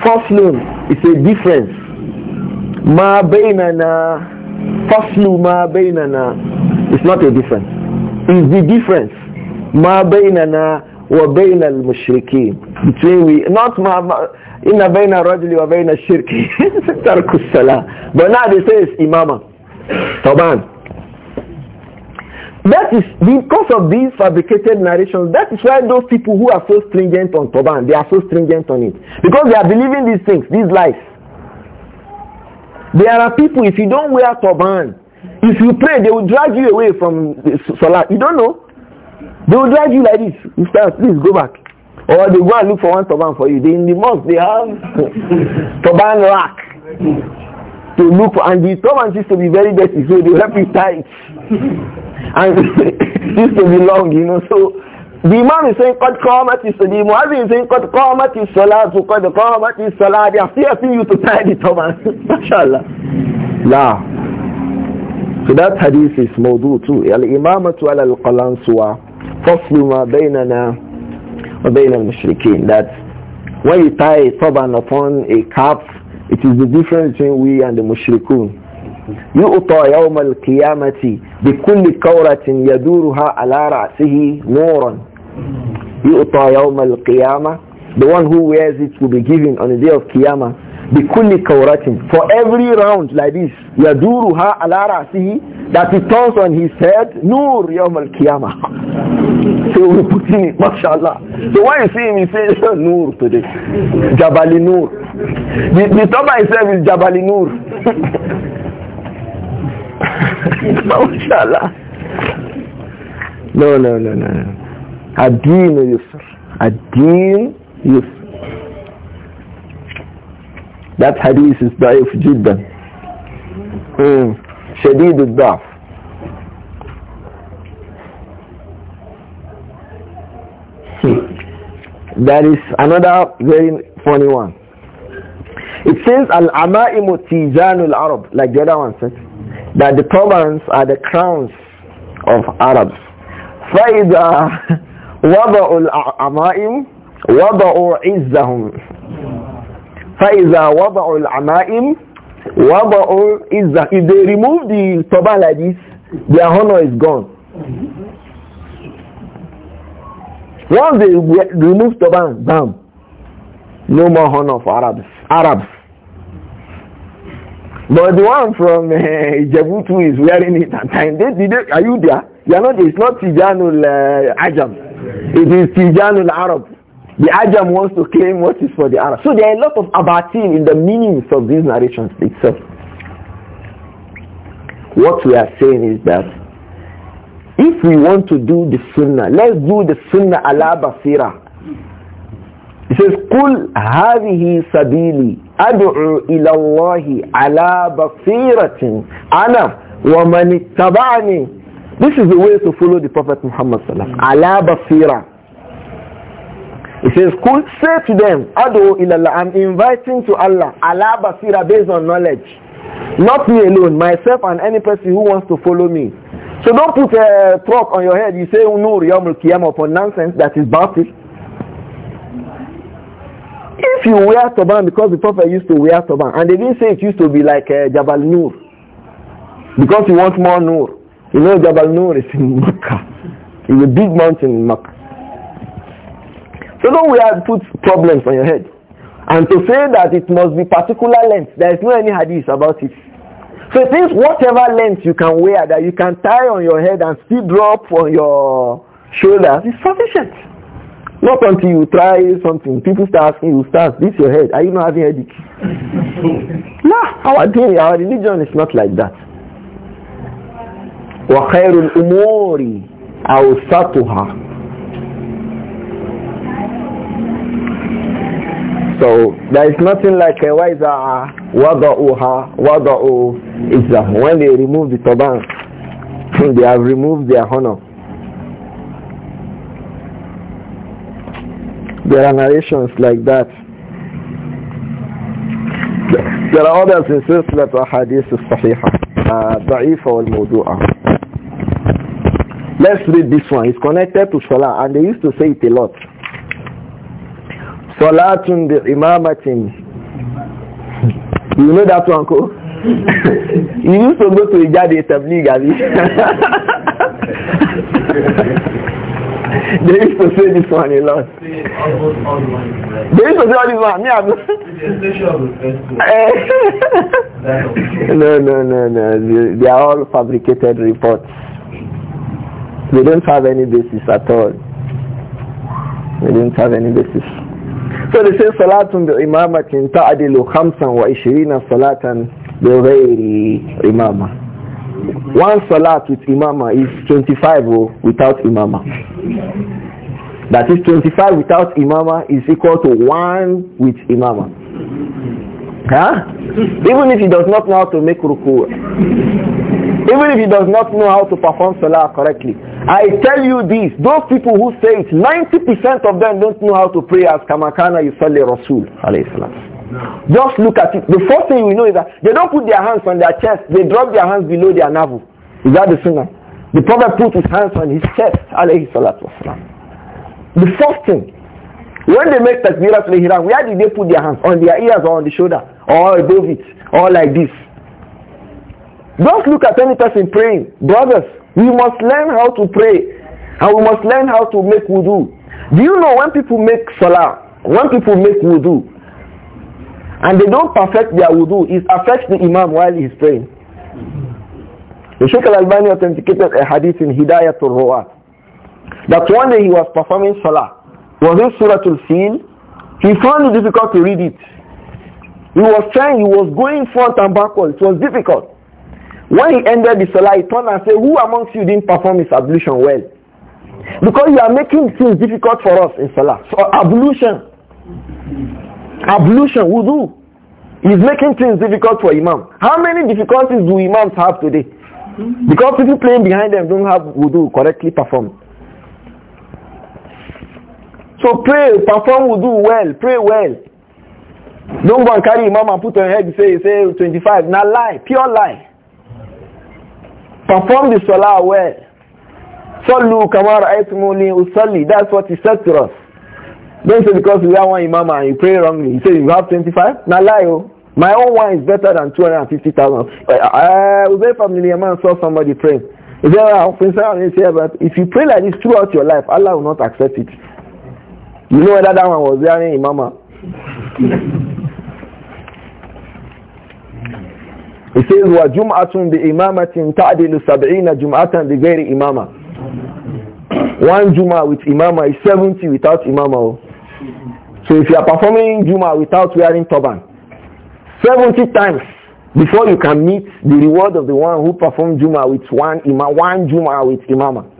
Faslun is a difference. Ma bainana. Faslu ma bainana. It's not a difference. It's the difference. Ma bainana wa bain al-mushrikeen. Between we, not ma, ma inna bayna rajuli wa bayna shirki [LAUGHS] tarku salah but now they say it's imama taban that is because of these fabricated narrations that is why those people who are so stringent on taban they are so stringent on it because they are believing these things these lies there are people if you don't wear turban if you pray they will drag you away from salah you don't know they will drag you like this you start please go back or they go and look for one turban for you. They, in the mosque, they have [LAUGHS] turban rack to look for. And the turban used to be very dirty, so they wrap it tight. [LAUGHS] and [LAUGHS] used to be long, you know. So the imam is saying, قَدْ قَامَتِ الصَّلَاةُ The muazzin is saying, قَدْ قَامَتِ الصَّلَاةُ قَدْ قَامَتِ الصَّلَاةُ They are still asking you to tie the turban. MashaAllah. La. So that hadith is mawdu too. الإمامة على القلنسوة فصل ما بيننا وَبَيْنَ الْمُشْرِكِينَ That when you tie a turban upon a calf, it is the difference between we and the mushrikun. يؤطى يوم القيامة بكل كورة يدورها على رأسه نورا يؤطى يوم القيامة the one who wears it will be given on the day of Qiyamah بكل كورة for every round like this يدورها على رأسه that he turns on his head نور يوم القيامة so we put in it, mashallah. So when you see him, he says [LAUGHS] Nur today. Jabali Nur. The, the Tawbah itself is Jabali Nur. [LAUGHS] mashallah. No, no, no, no. Adin Yusr. Adin Yusr. That hadith is da'if jiddan. Mm. شديد الضعف There is another very funny one. It says Al-Ama'imu Tijanul Arab, like the other one says, that the turbans are the crowns of Arabs. فَإِذَا وَضَعُوا الْأَمَائِمُ وَضَعُوا عِزَّهُمْ فَإِذَا وَضَعُوا الْأَمَائِمُ وَضَعُوا عِزَّهُمْ If they remove the turban like this, their honor is gone. Once they remove the ban, bam, no more honor for Arabs. Arabs. But the one from Djibouti eh, is wearing it And time. They, they, they, are you there? You are not, it's not Tijanul uh, eh, Ajam. It is Tijanul Arab. The Ajam wants to claim what is for the Arab. So there are a lot of abatin in the meanings of these narrations itself. What we are saying is that if we want to do the sunnah, let's do the sunnah ala basira. It says, قُلْ هَذِهِ سَبِيلِي أَدْعُ إِلَى اللَّهِ عَلَى بَصِيرَةٍ أَنَا وَمَنِ اتَّبَعَنِي This is the way to follow the Prophet Muhammad وسلم alaihi wasallam. It says, cool, say to them, Adu ilallah, I'm inviting to Allah, Allah basira based on knowledge. Not me alone, myself and any person who wants to follow me. So don't put a truck on your head. You say Unur Yamul Qiyamah for nonsense that is batil. If you wear turban because the Prophet used to wear turban and they didn't say it used to be like uh, Jabal Nur because he wants more Nur. You know Jabal Nur is in [LAUGHS] Makkah. It's a big mountain in Makkah. So don't wear, put problems on your head. And to say that it must be particular length, there is no any hadith about it. So it means whatever length you can wear that you can tie on your head and still drop on your shoulders is sufficient. Not until you try something. People start asking you, start, this your head. Are you not having headache? [LAUGHS] nah, our thing, our religion is not like that. وَخَيْرُ الْأُمُورِ أَوْسَطُهَا So there is nothing like a waiza wada'uha wada'u izah. When they remove the turban, they have removed their honor. There are narrations like that. There are others in Al-Hadith Ahadith sahihah, uh, Da'if al Mawdu'a. Let's read this one. It's connected to Salah and they used to say it a lot. Salatun bi imamatin. You know that one, Ko? [LAUGHS] you used to go to Ijade Tabligh, Abi. [LAUGHS] they used to say this one a lot. They used to say all this one. Me, [LAUGHS] no, no, no, no. They are all fabricated reports. They don't have any basis at all. They don't have any basis. So they say salatun bi imamatin ta'dilu khamsan wa ishirina salatan bi ghairi imama. One salat with imama is 25 without imama. That is 25 without imama is equal to one with imama. Huh? Even if he does not know how to make ruku even if he does not know how to perform salah correctly. I tell you this, those people who say it, 90% of them don't know how to pray as kamakana yusalli rasul Just look at it. The first thing we know is that they don't put their hands on their chest, they drop their hands below their navel. Is that the sunnah? The Prophet put his hands on his chest, The first thing, when they make takbirat al-hiram, where did they put their hands? On their ears or on the shoulder? Or above it? Or like this? Don't look at any person praying. Brothers, we must learn how to pray. And we must learn how to make wudu. Do you know when people make salah, when people make wudu, and they don't perfect their wudu, it affects the imam while he's praying. The Sheikh al-Albani authenticated a hadith in Hidayatul to Rawat that one day he was performing salah. Was in Surah Al-Fil. He found it difficult to read it. He was trying, he was going front and backwards. It was difficult. When he ended the salah, he turned and said, who amongst you didn't perform his ablution well? Because you are making things difficult for us in salah. So ablution, ablution, wudu, is making things difficult for imam. How many difficulties do imams have today? Because people playing behind them don't have wudu correctly performed. So pray, perform wudu well, pray well. Don't go and carry imam and put on your head and say, say 25. Now lie, pure lie. Perform the salah well. Sallu kamar aitumuni usalli. That's what he said to us. Don't say because we have one imam and you pray wrongly. You say you have 25? Now lie, oh. My own one is better than 250,000. Eh, I was there from the saw somebody praying. Ah, but if you pray like this throughout your life, Allah will not accept it. You know whether that one was there in Imama? It says, وَجُمْعَةٌ بِإِمَامَةٍ تَعْدِلُ سَبْعِينَ جُمْعَةً بِغَيْرِ إِمَامَةٍ One Juma with Imama is 70 without Imama. Oh. So if you are performing Juma without wearing turban, 70 times before you can meet the reward of the one who performed Juma with one Imam, one Juma with Imama.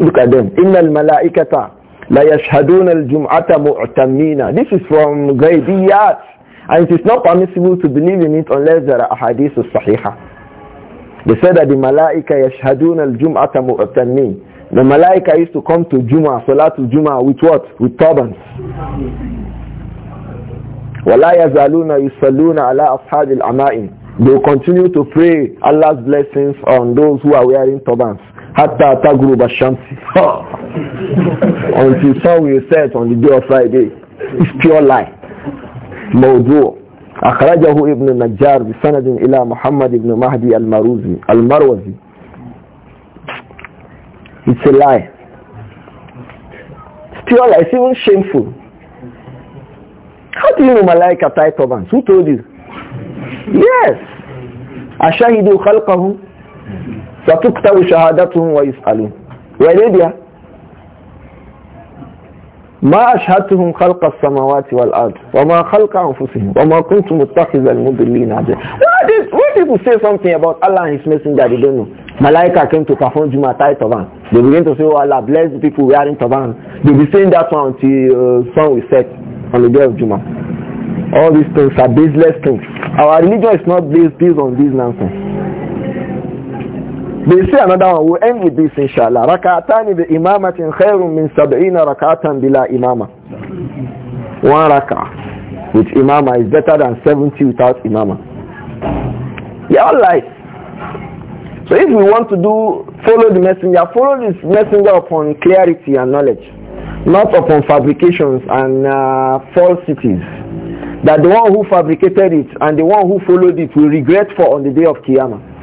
Look at them. إِنَّ الْمَلَائِكَةَ لَيَشْهَدُونَ الْجُمْعَةَ مُعْتَمِّينَ This is from Ghaibiyat. And it is not permissible to believe in it unless there are ahadith sahiha. They said that the malaika yashhadun al-jum'ata mu'tannin. The malaika used to come to Juma, Salatul Juma with what? With turbans. وَلَا يَزَالُونَ يُصَلُّونَ عَلَىٰ أَصْحَابِ الْعَمَائِمِ They will continue to pray Allah's blessings on those who are wearing turbans. حتى تغرب الشمس [LAUGHS] until sun will set on the day of Friday. It's pure lie. موضوع أخرجه ابن النجار بسند إلى محمد بن مهدي المروزي المروزي It's a lie. Still, it's even shameful. How do you know Malaika tie turbans? Who told you? Yes. أشهدوا خلقهم ستكتب شهادتهم ويسألون. Were they there? ما أشهدتهم خلق السماوات والأرض وما خلق أنفسهم وما كنت متخذ المضلين عجل When people say something about Allah and His Messenger, they don't know. Malaika came to perform Juma Tai Taban. They begin to say, oh Allah, bless the people wearing Taban. they be saying that one until uh, sun will set on the day of Juma. All these things are baseless things. Our religion is not based, based on these nonsense. They say another one, we'll end with this inshallah. Raka'atani bi imamatin khairun min sab'ina raka'atan bila imama. One raka'ah with imama is better than 70 without imama. They all lies. So if we want to do, follow the messenger, follow this messenger upon clarity and knowledge, not upon fabrications and uh, falsities. That the one who fabricated it and the one who followed it will regret for on the day of Qiyamah.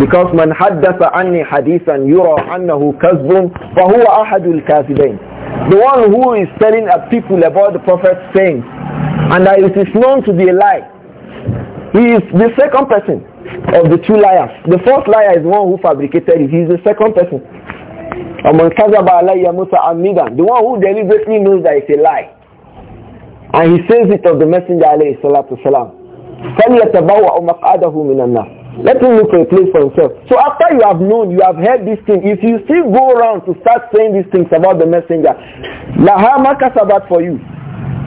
Because man haddatha anni hadithan yura annahu kazbun fahu ahadul kazibain. The one who is telling a people about the prophet's saying and that it is known to be a lie. He is the second person of the two liars. The first liar is the one who fabricated it. He is the second person. Among Kazaba Alayya Musa Amidan, the one who deliberately knows that it's a lie. And he says it of the Messenger alayhi salatu salam. فَلْيَتَبَوَّأُ مَقْعَدَهُ مِنَ النَّارِ let him look for a place for himself. So after you have known, you have heard these things, if you still go around to start saying these things about the messenger, Lahama Kasabat for you.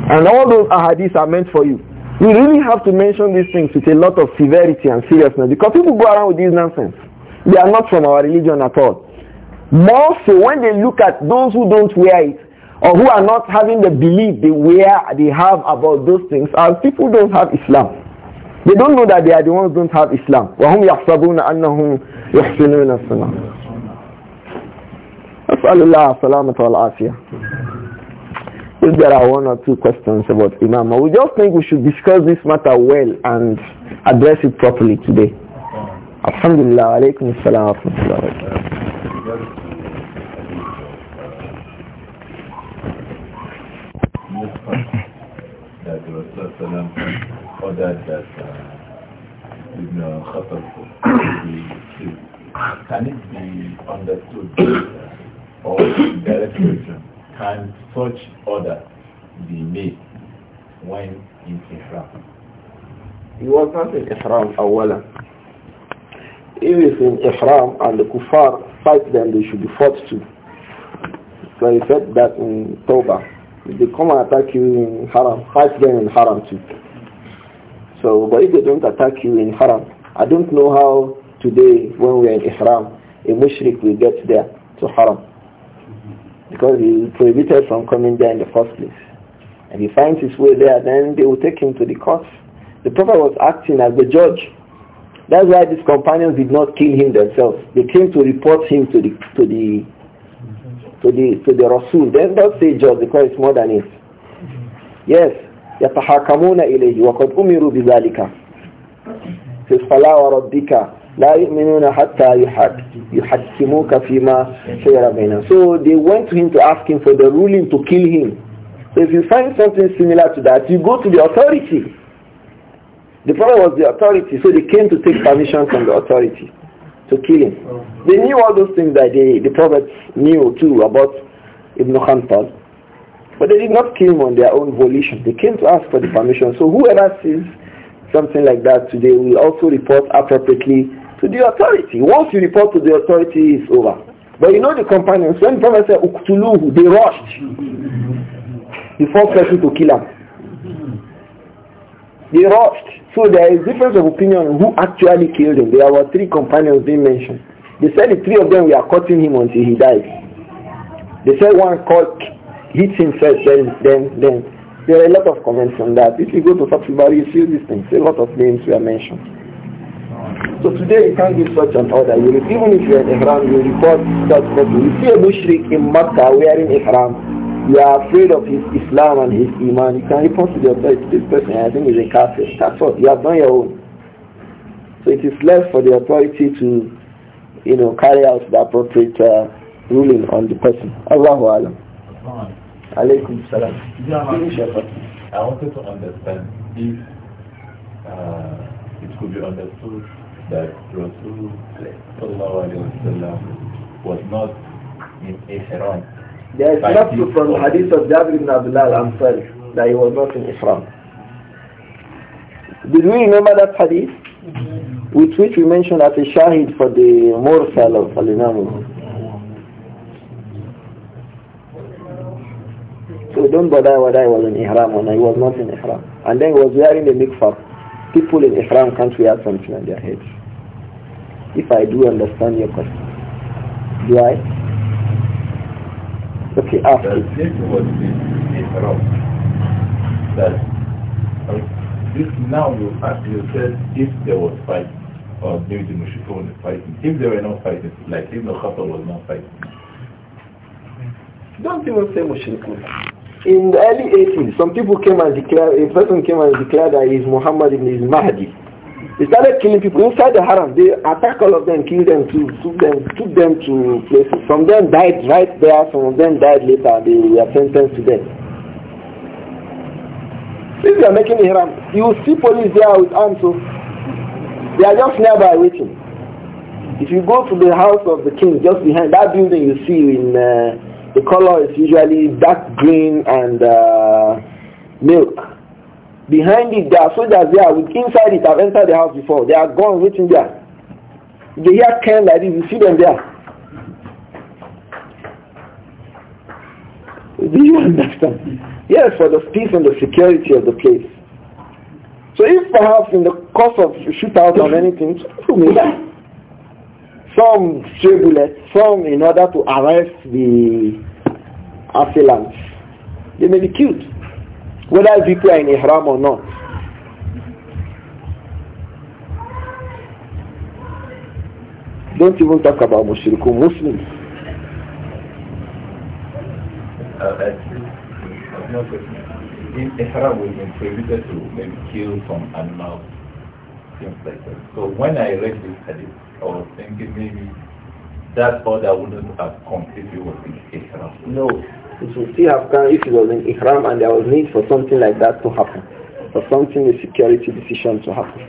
And all those ahadiths are meant for you. We really have to mention these things with a lot of severity and seriousness because people go around with this nonsense. They are not from our religion at all. More so when they look at those who don't wear it, or who are not having the belief they wear, they have about those things, as people don't have Islam. They don't know that they are the ones who don't have Islam. وَهُمْ يَحْسَبُونَ أَنَّهُمْ يُحْسِنُونَ السَّلَامَ أسأل الله السلامة والعافية If there are one or two questions about Imam, we just think we should discuss this matter well and address it properly today. Alhamdulillah, alaykum assalam wa rahmatullahi that the Rasul ordered that uh, [COUGHS] can it be understood or direct question, can such order be made when in Ihram? He was not in Ihram awala. If it's in Ihram and the kuffar fight them, they should be fought too. So he said that in Tawbah. If they come and attack you in Haram, fight them in Haram too. So, but if they don't attack you in haram, I don't know how today when we are in ihram, a mushrik will get there to haram. Because he is prohibited from coming there in the first place. And he finds his way there, then they will take him to the court. The Prophet was acting as the judge. That's why his companions did not kill him themselves. They came to report him to the to the to the to the Rasul. Then don't say judge because it's more than it. Yes, so they went to him to ask him for the ruling to kill him so if you find something similar to that you go to the authority the problem was the authority so they came to take permission from the authority to kill him they knew all those things that the prophet knew too about Ibn Khantal but they did not kill him on their own volition. They came to ask for the permission. So whoever sees something like that today will also report appropriately to the authority. Once you report to the authority, it's over. But you know the companions, when the Prophet said, Uktuluhu, they rushed. the first person to kill him. They rushed. So there is difference of opinion on who actually killed him. There were three companions being mentioned. They said the three of them were cutting him until he died. They said one called hits him first, then, then, then. There are a lot of comments on that. If you go to Fatibari, you see these things. A lot of names were mentioned. So today you can't give such an order. You will, even if you're in Ihram, you report such person. You see a mushrik in Makkah wearing Ihram. You are afraid of his Islam and his Iman. You can report to the authorities. This person, I think, is a kafir. That's what. You have done your own. So it is left for the authority to, you know, carry out the appropriate uh, ruling on the person. Allahu Alam. Alaykum salam. I wanted to understand if uh, it could be understood that Rasul was not in Ihram. There is not from the hadith of Jabir ibn Abdullah al-Ansari that he was not in Ihram. Did we remember that hadith? Mm-hmm. With which we mentioned as a shahid for the Mursal of Al-Imam So don't bother whether I was in Ihram or I was not in Ihram. And then he was wearing the mikvah. People in Ihram can't wear something on their heads. If I do understand your question. Do I? Okay, after. This was Ihram. That, um, this now you ask yourself if there was fight or maybe the was fighting. If they were not fighting, like the Khattab was not fighting. Don't even say Mushrikun in the early 80s, some people came and declared, a person came and declared that he is Muhammad ibn is Mahdi. They started killing people inside the haram. They attacked all of them, killed them, took, took them, took them to places. Some of them died right there. Some of them died later. They were sentenced to death. If you are making a haram, you will see police there with arms. So they are just nearby waiting. If you go to the house of the king, just behind that building you see in uh, the color is usually dark green and uh, milk. Behind it, there are soldiers there. With inside it, I've entered the house before. They are gone, waiting there. If they hear can like this, you see them there. Do you understand? Yes, for the peace and the security of the place. So if perhaps in the course of shootout or anything, people may die. Some stray bullets, some in order to arrest the assailants. They may be killed, whether people are in Ihram or not. Don't even talk about Mushrikun Muslims. in Ihram we've prohibited to maybe kill some animals, things like that. So when I read this hadith, I was thinking maybe that order wouldn't have come if he was in No, it would still have come if it was in Ihram and there was need for something like that to happen, for something, a security decision to happen.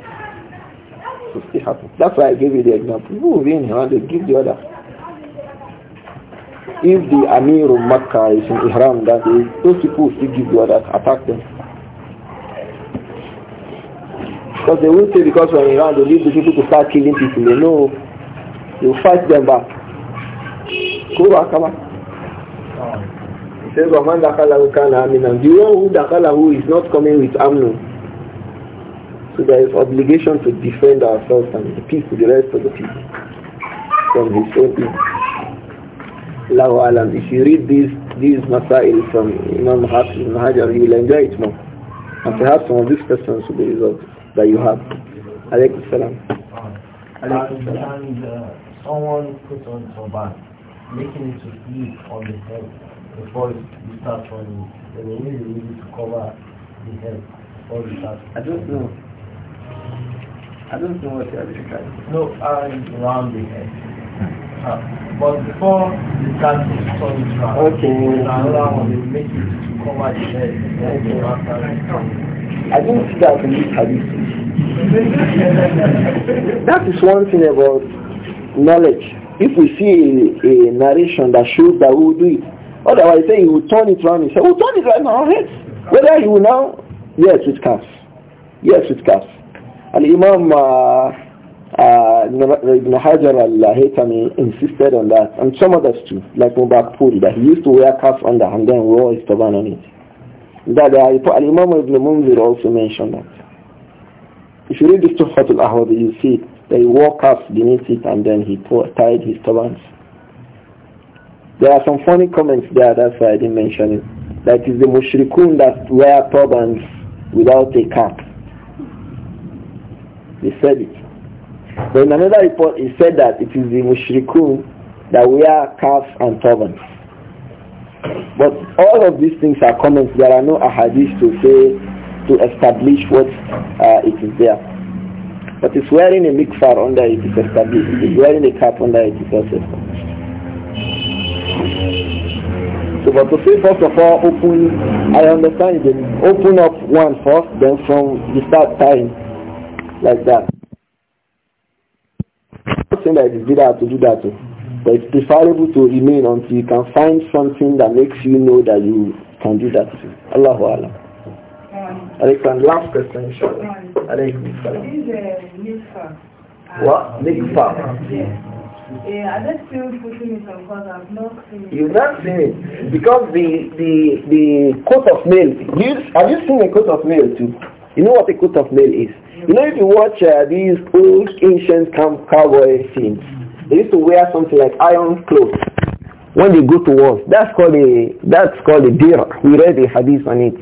To still happen. That's why I gave you the example. Who will be in Ihram, they give the order. If the Amir of Makkah is in Ihram, that is, those people will still give the order, attack them. Because they will say because when Iran they leave the people to start killing people. They know you fight them back. Go back, come on. He says, Waman Dakalahu Kana Aminan. you know who Dakalahu is not coming with Amnu? So there is obligation to defend ourselves and the to the rest of the people, from his own people. Alam. If you read these these masail from Imam Hafiz Hajar, you will enjoy it more. And perhaps some of these questions will be resolved that you have. Alaykum salam. And uh, someone put on turban, making it to sleep on the head before you start running. They they need really to cover the head before it starts. I don't know. I don't know what you're describing. No, and around the head. Uh, but before the cat is turned around, okay. another make it to cover the head. Okay. I don't see that in this that is one thing about knowledge. If we see a, a narration that shows that we will do it, otherwise say he will turn it around and say, we'll turn it right now, heads. Whether he will now, yes, it counts. Yes, it counts. And Imam uh, uh, Ibn Hajar al-Haytami insisted on that, and some others too, like Mubarak Puri, that he used to wear cuffs under and then wore his turban on it. That the Imam Ibn Munzir also mentioned that. If you read the Tufat al-Ahwad, you see they walk walked up beneath it and then he tied his turbans. There are some funny comments there, that's why I didn't mention it. That is the mushrikun that wear turbans without a cap. He said it. But in another report, he said that it is the mushrikun that wear caps and turbans. But all of these things are comments. There are no ahadith to say, to establish what uh, it is there. But it's wearing a mikfar under it is established. It's wearing a cap under it is also So but to say first of all open, I understand it. Open up one first, then from the start time, like that. Something that is bitter to do that too. But it's preferable to remain until you can find something that makes you know that you can do that too. Allahu Allah. Alaykum. Last question, inshallah. Alaykum. Uh, uh, what? Mikfa. Yeah. Yeah, I'm just still pushing it because I've not seen it. You've not seen it because the the the coat of mail. You, have you seen a coat of mail too? You know what a coat of mail is. You know if you watch uh, these old ancient camp cowboy scenes, they used to wear something like iron clothes when they go to war. That's called a that's called a dir. We read a hadith on it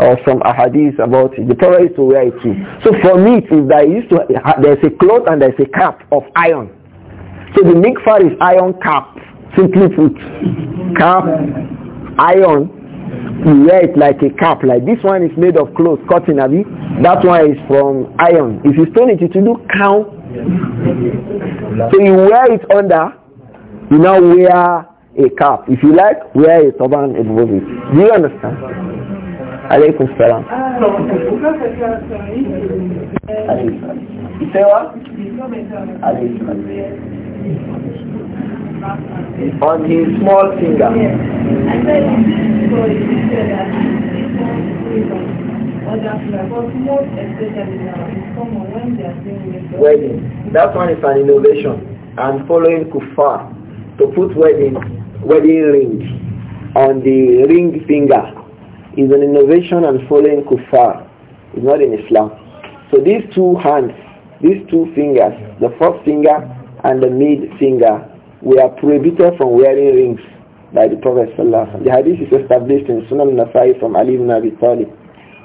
or some hadith about it. The Prophet used to wear it too. So for me, it is that used to there's a cloth and there's a cap of iron. So the mikfar is iron cap, simply put, cap, iron. You wear it like a cap. Like this one is made of cloth, cotton, abi. That one is from iron. If you stone it, it will do count so you wear it under, you now wear a cap. If you like, wear a turban above it. Do you understand? Alaykum salam. On his small finger wedding. That one is an innovation and following kuffar to put wedding wedding ring on the ring finger is an innovation and following kuffar. It's not in Islam. So these two hands, these two fingers, the first finger and the mid finger, we are prohibited from wearing rings by the Prophet ﷺ. The hadith is established in Sunan Nasai from Ali ibn Abi Talib.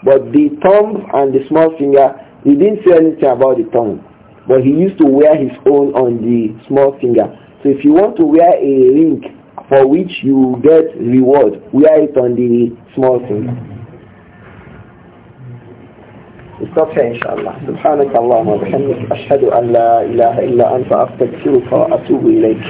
But the thumb and the small finger, he didn't say anything about the thumb. But he used to wear his own on the small finger. So if you want to wear a ring for which you get reward, wear it on the small finger. استطع إن شاء الله سبحانك اللهم وبحمدك أشهد أن لا إله إلا أنت أستغفرك وأتوب إليك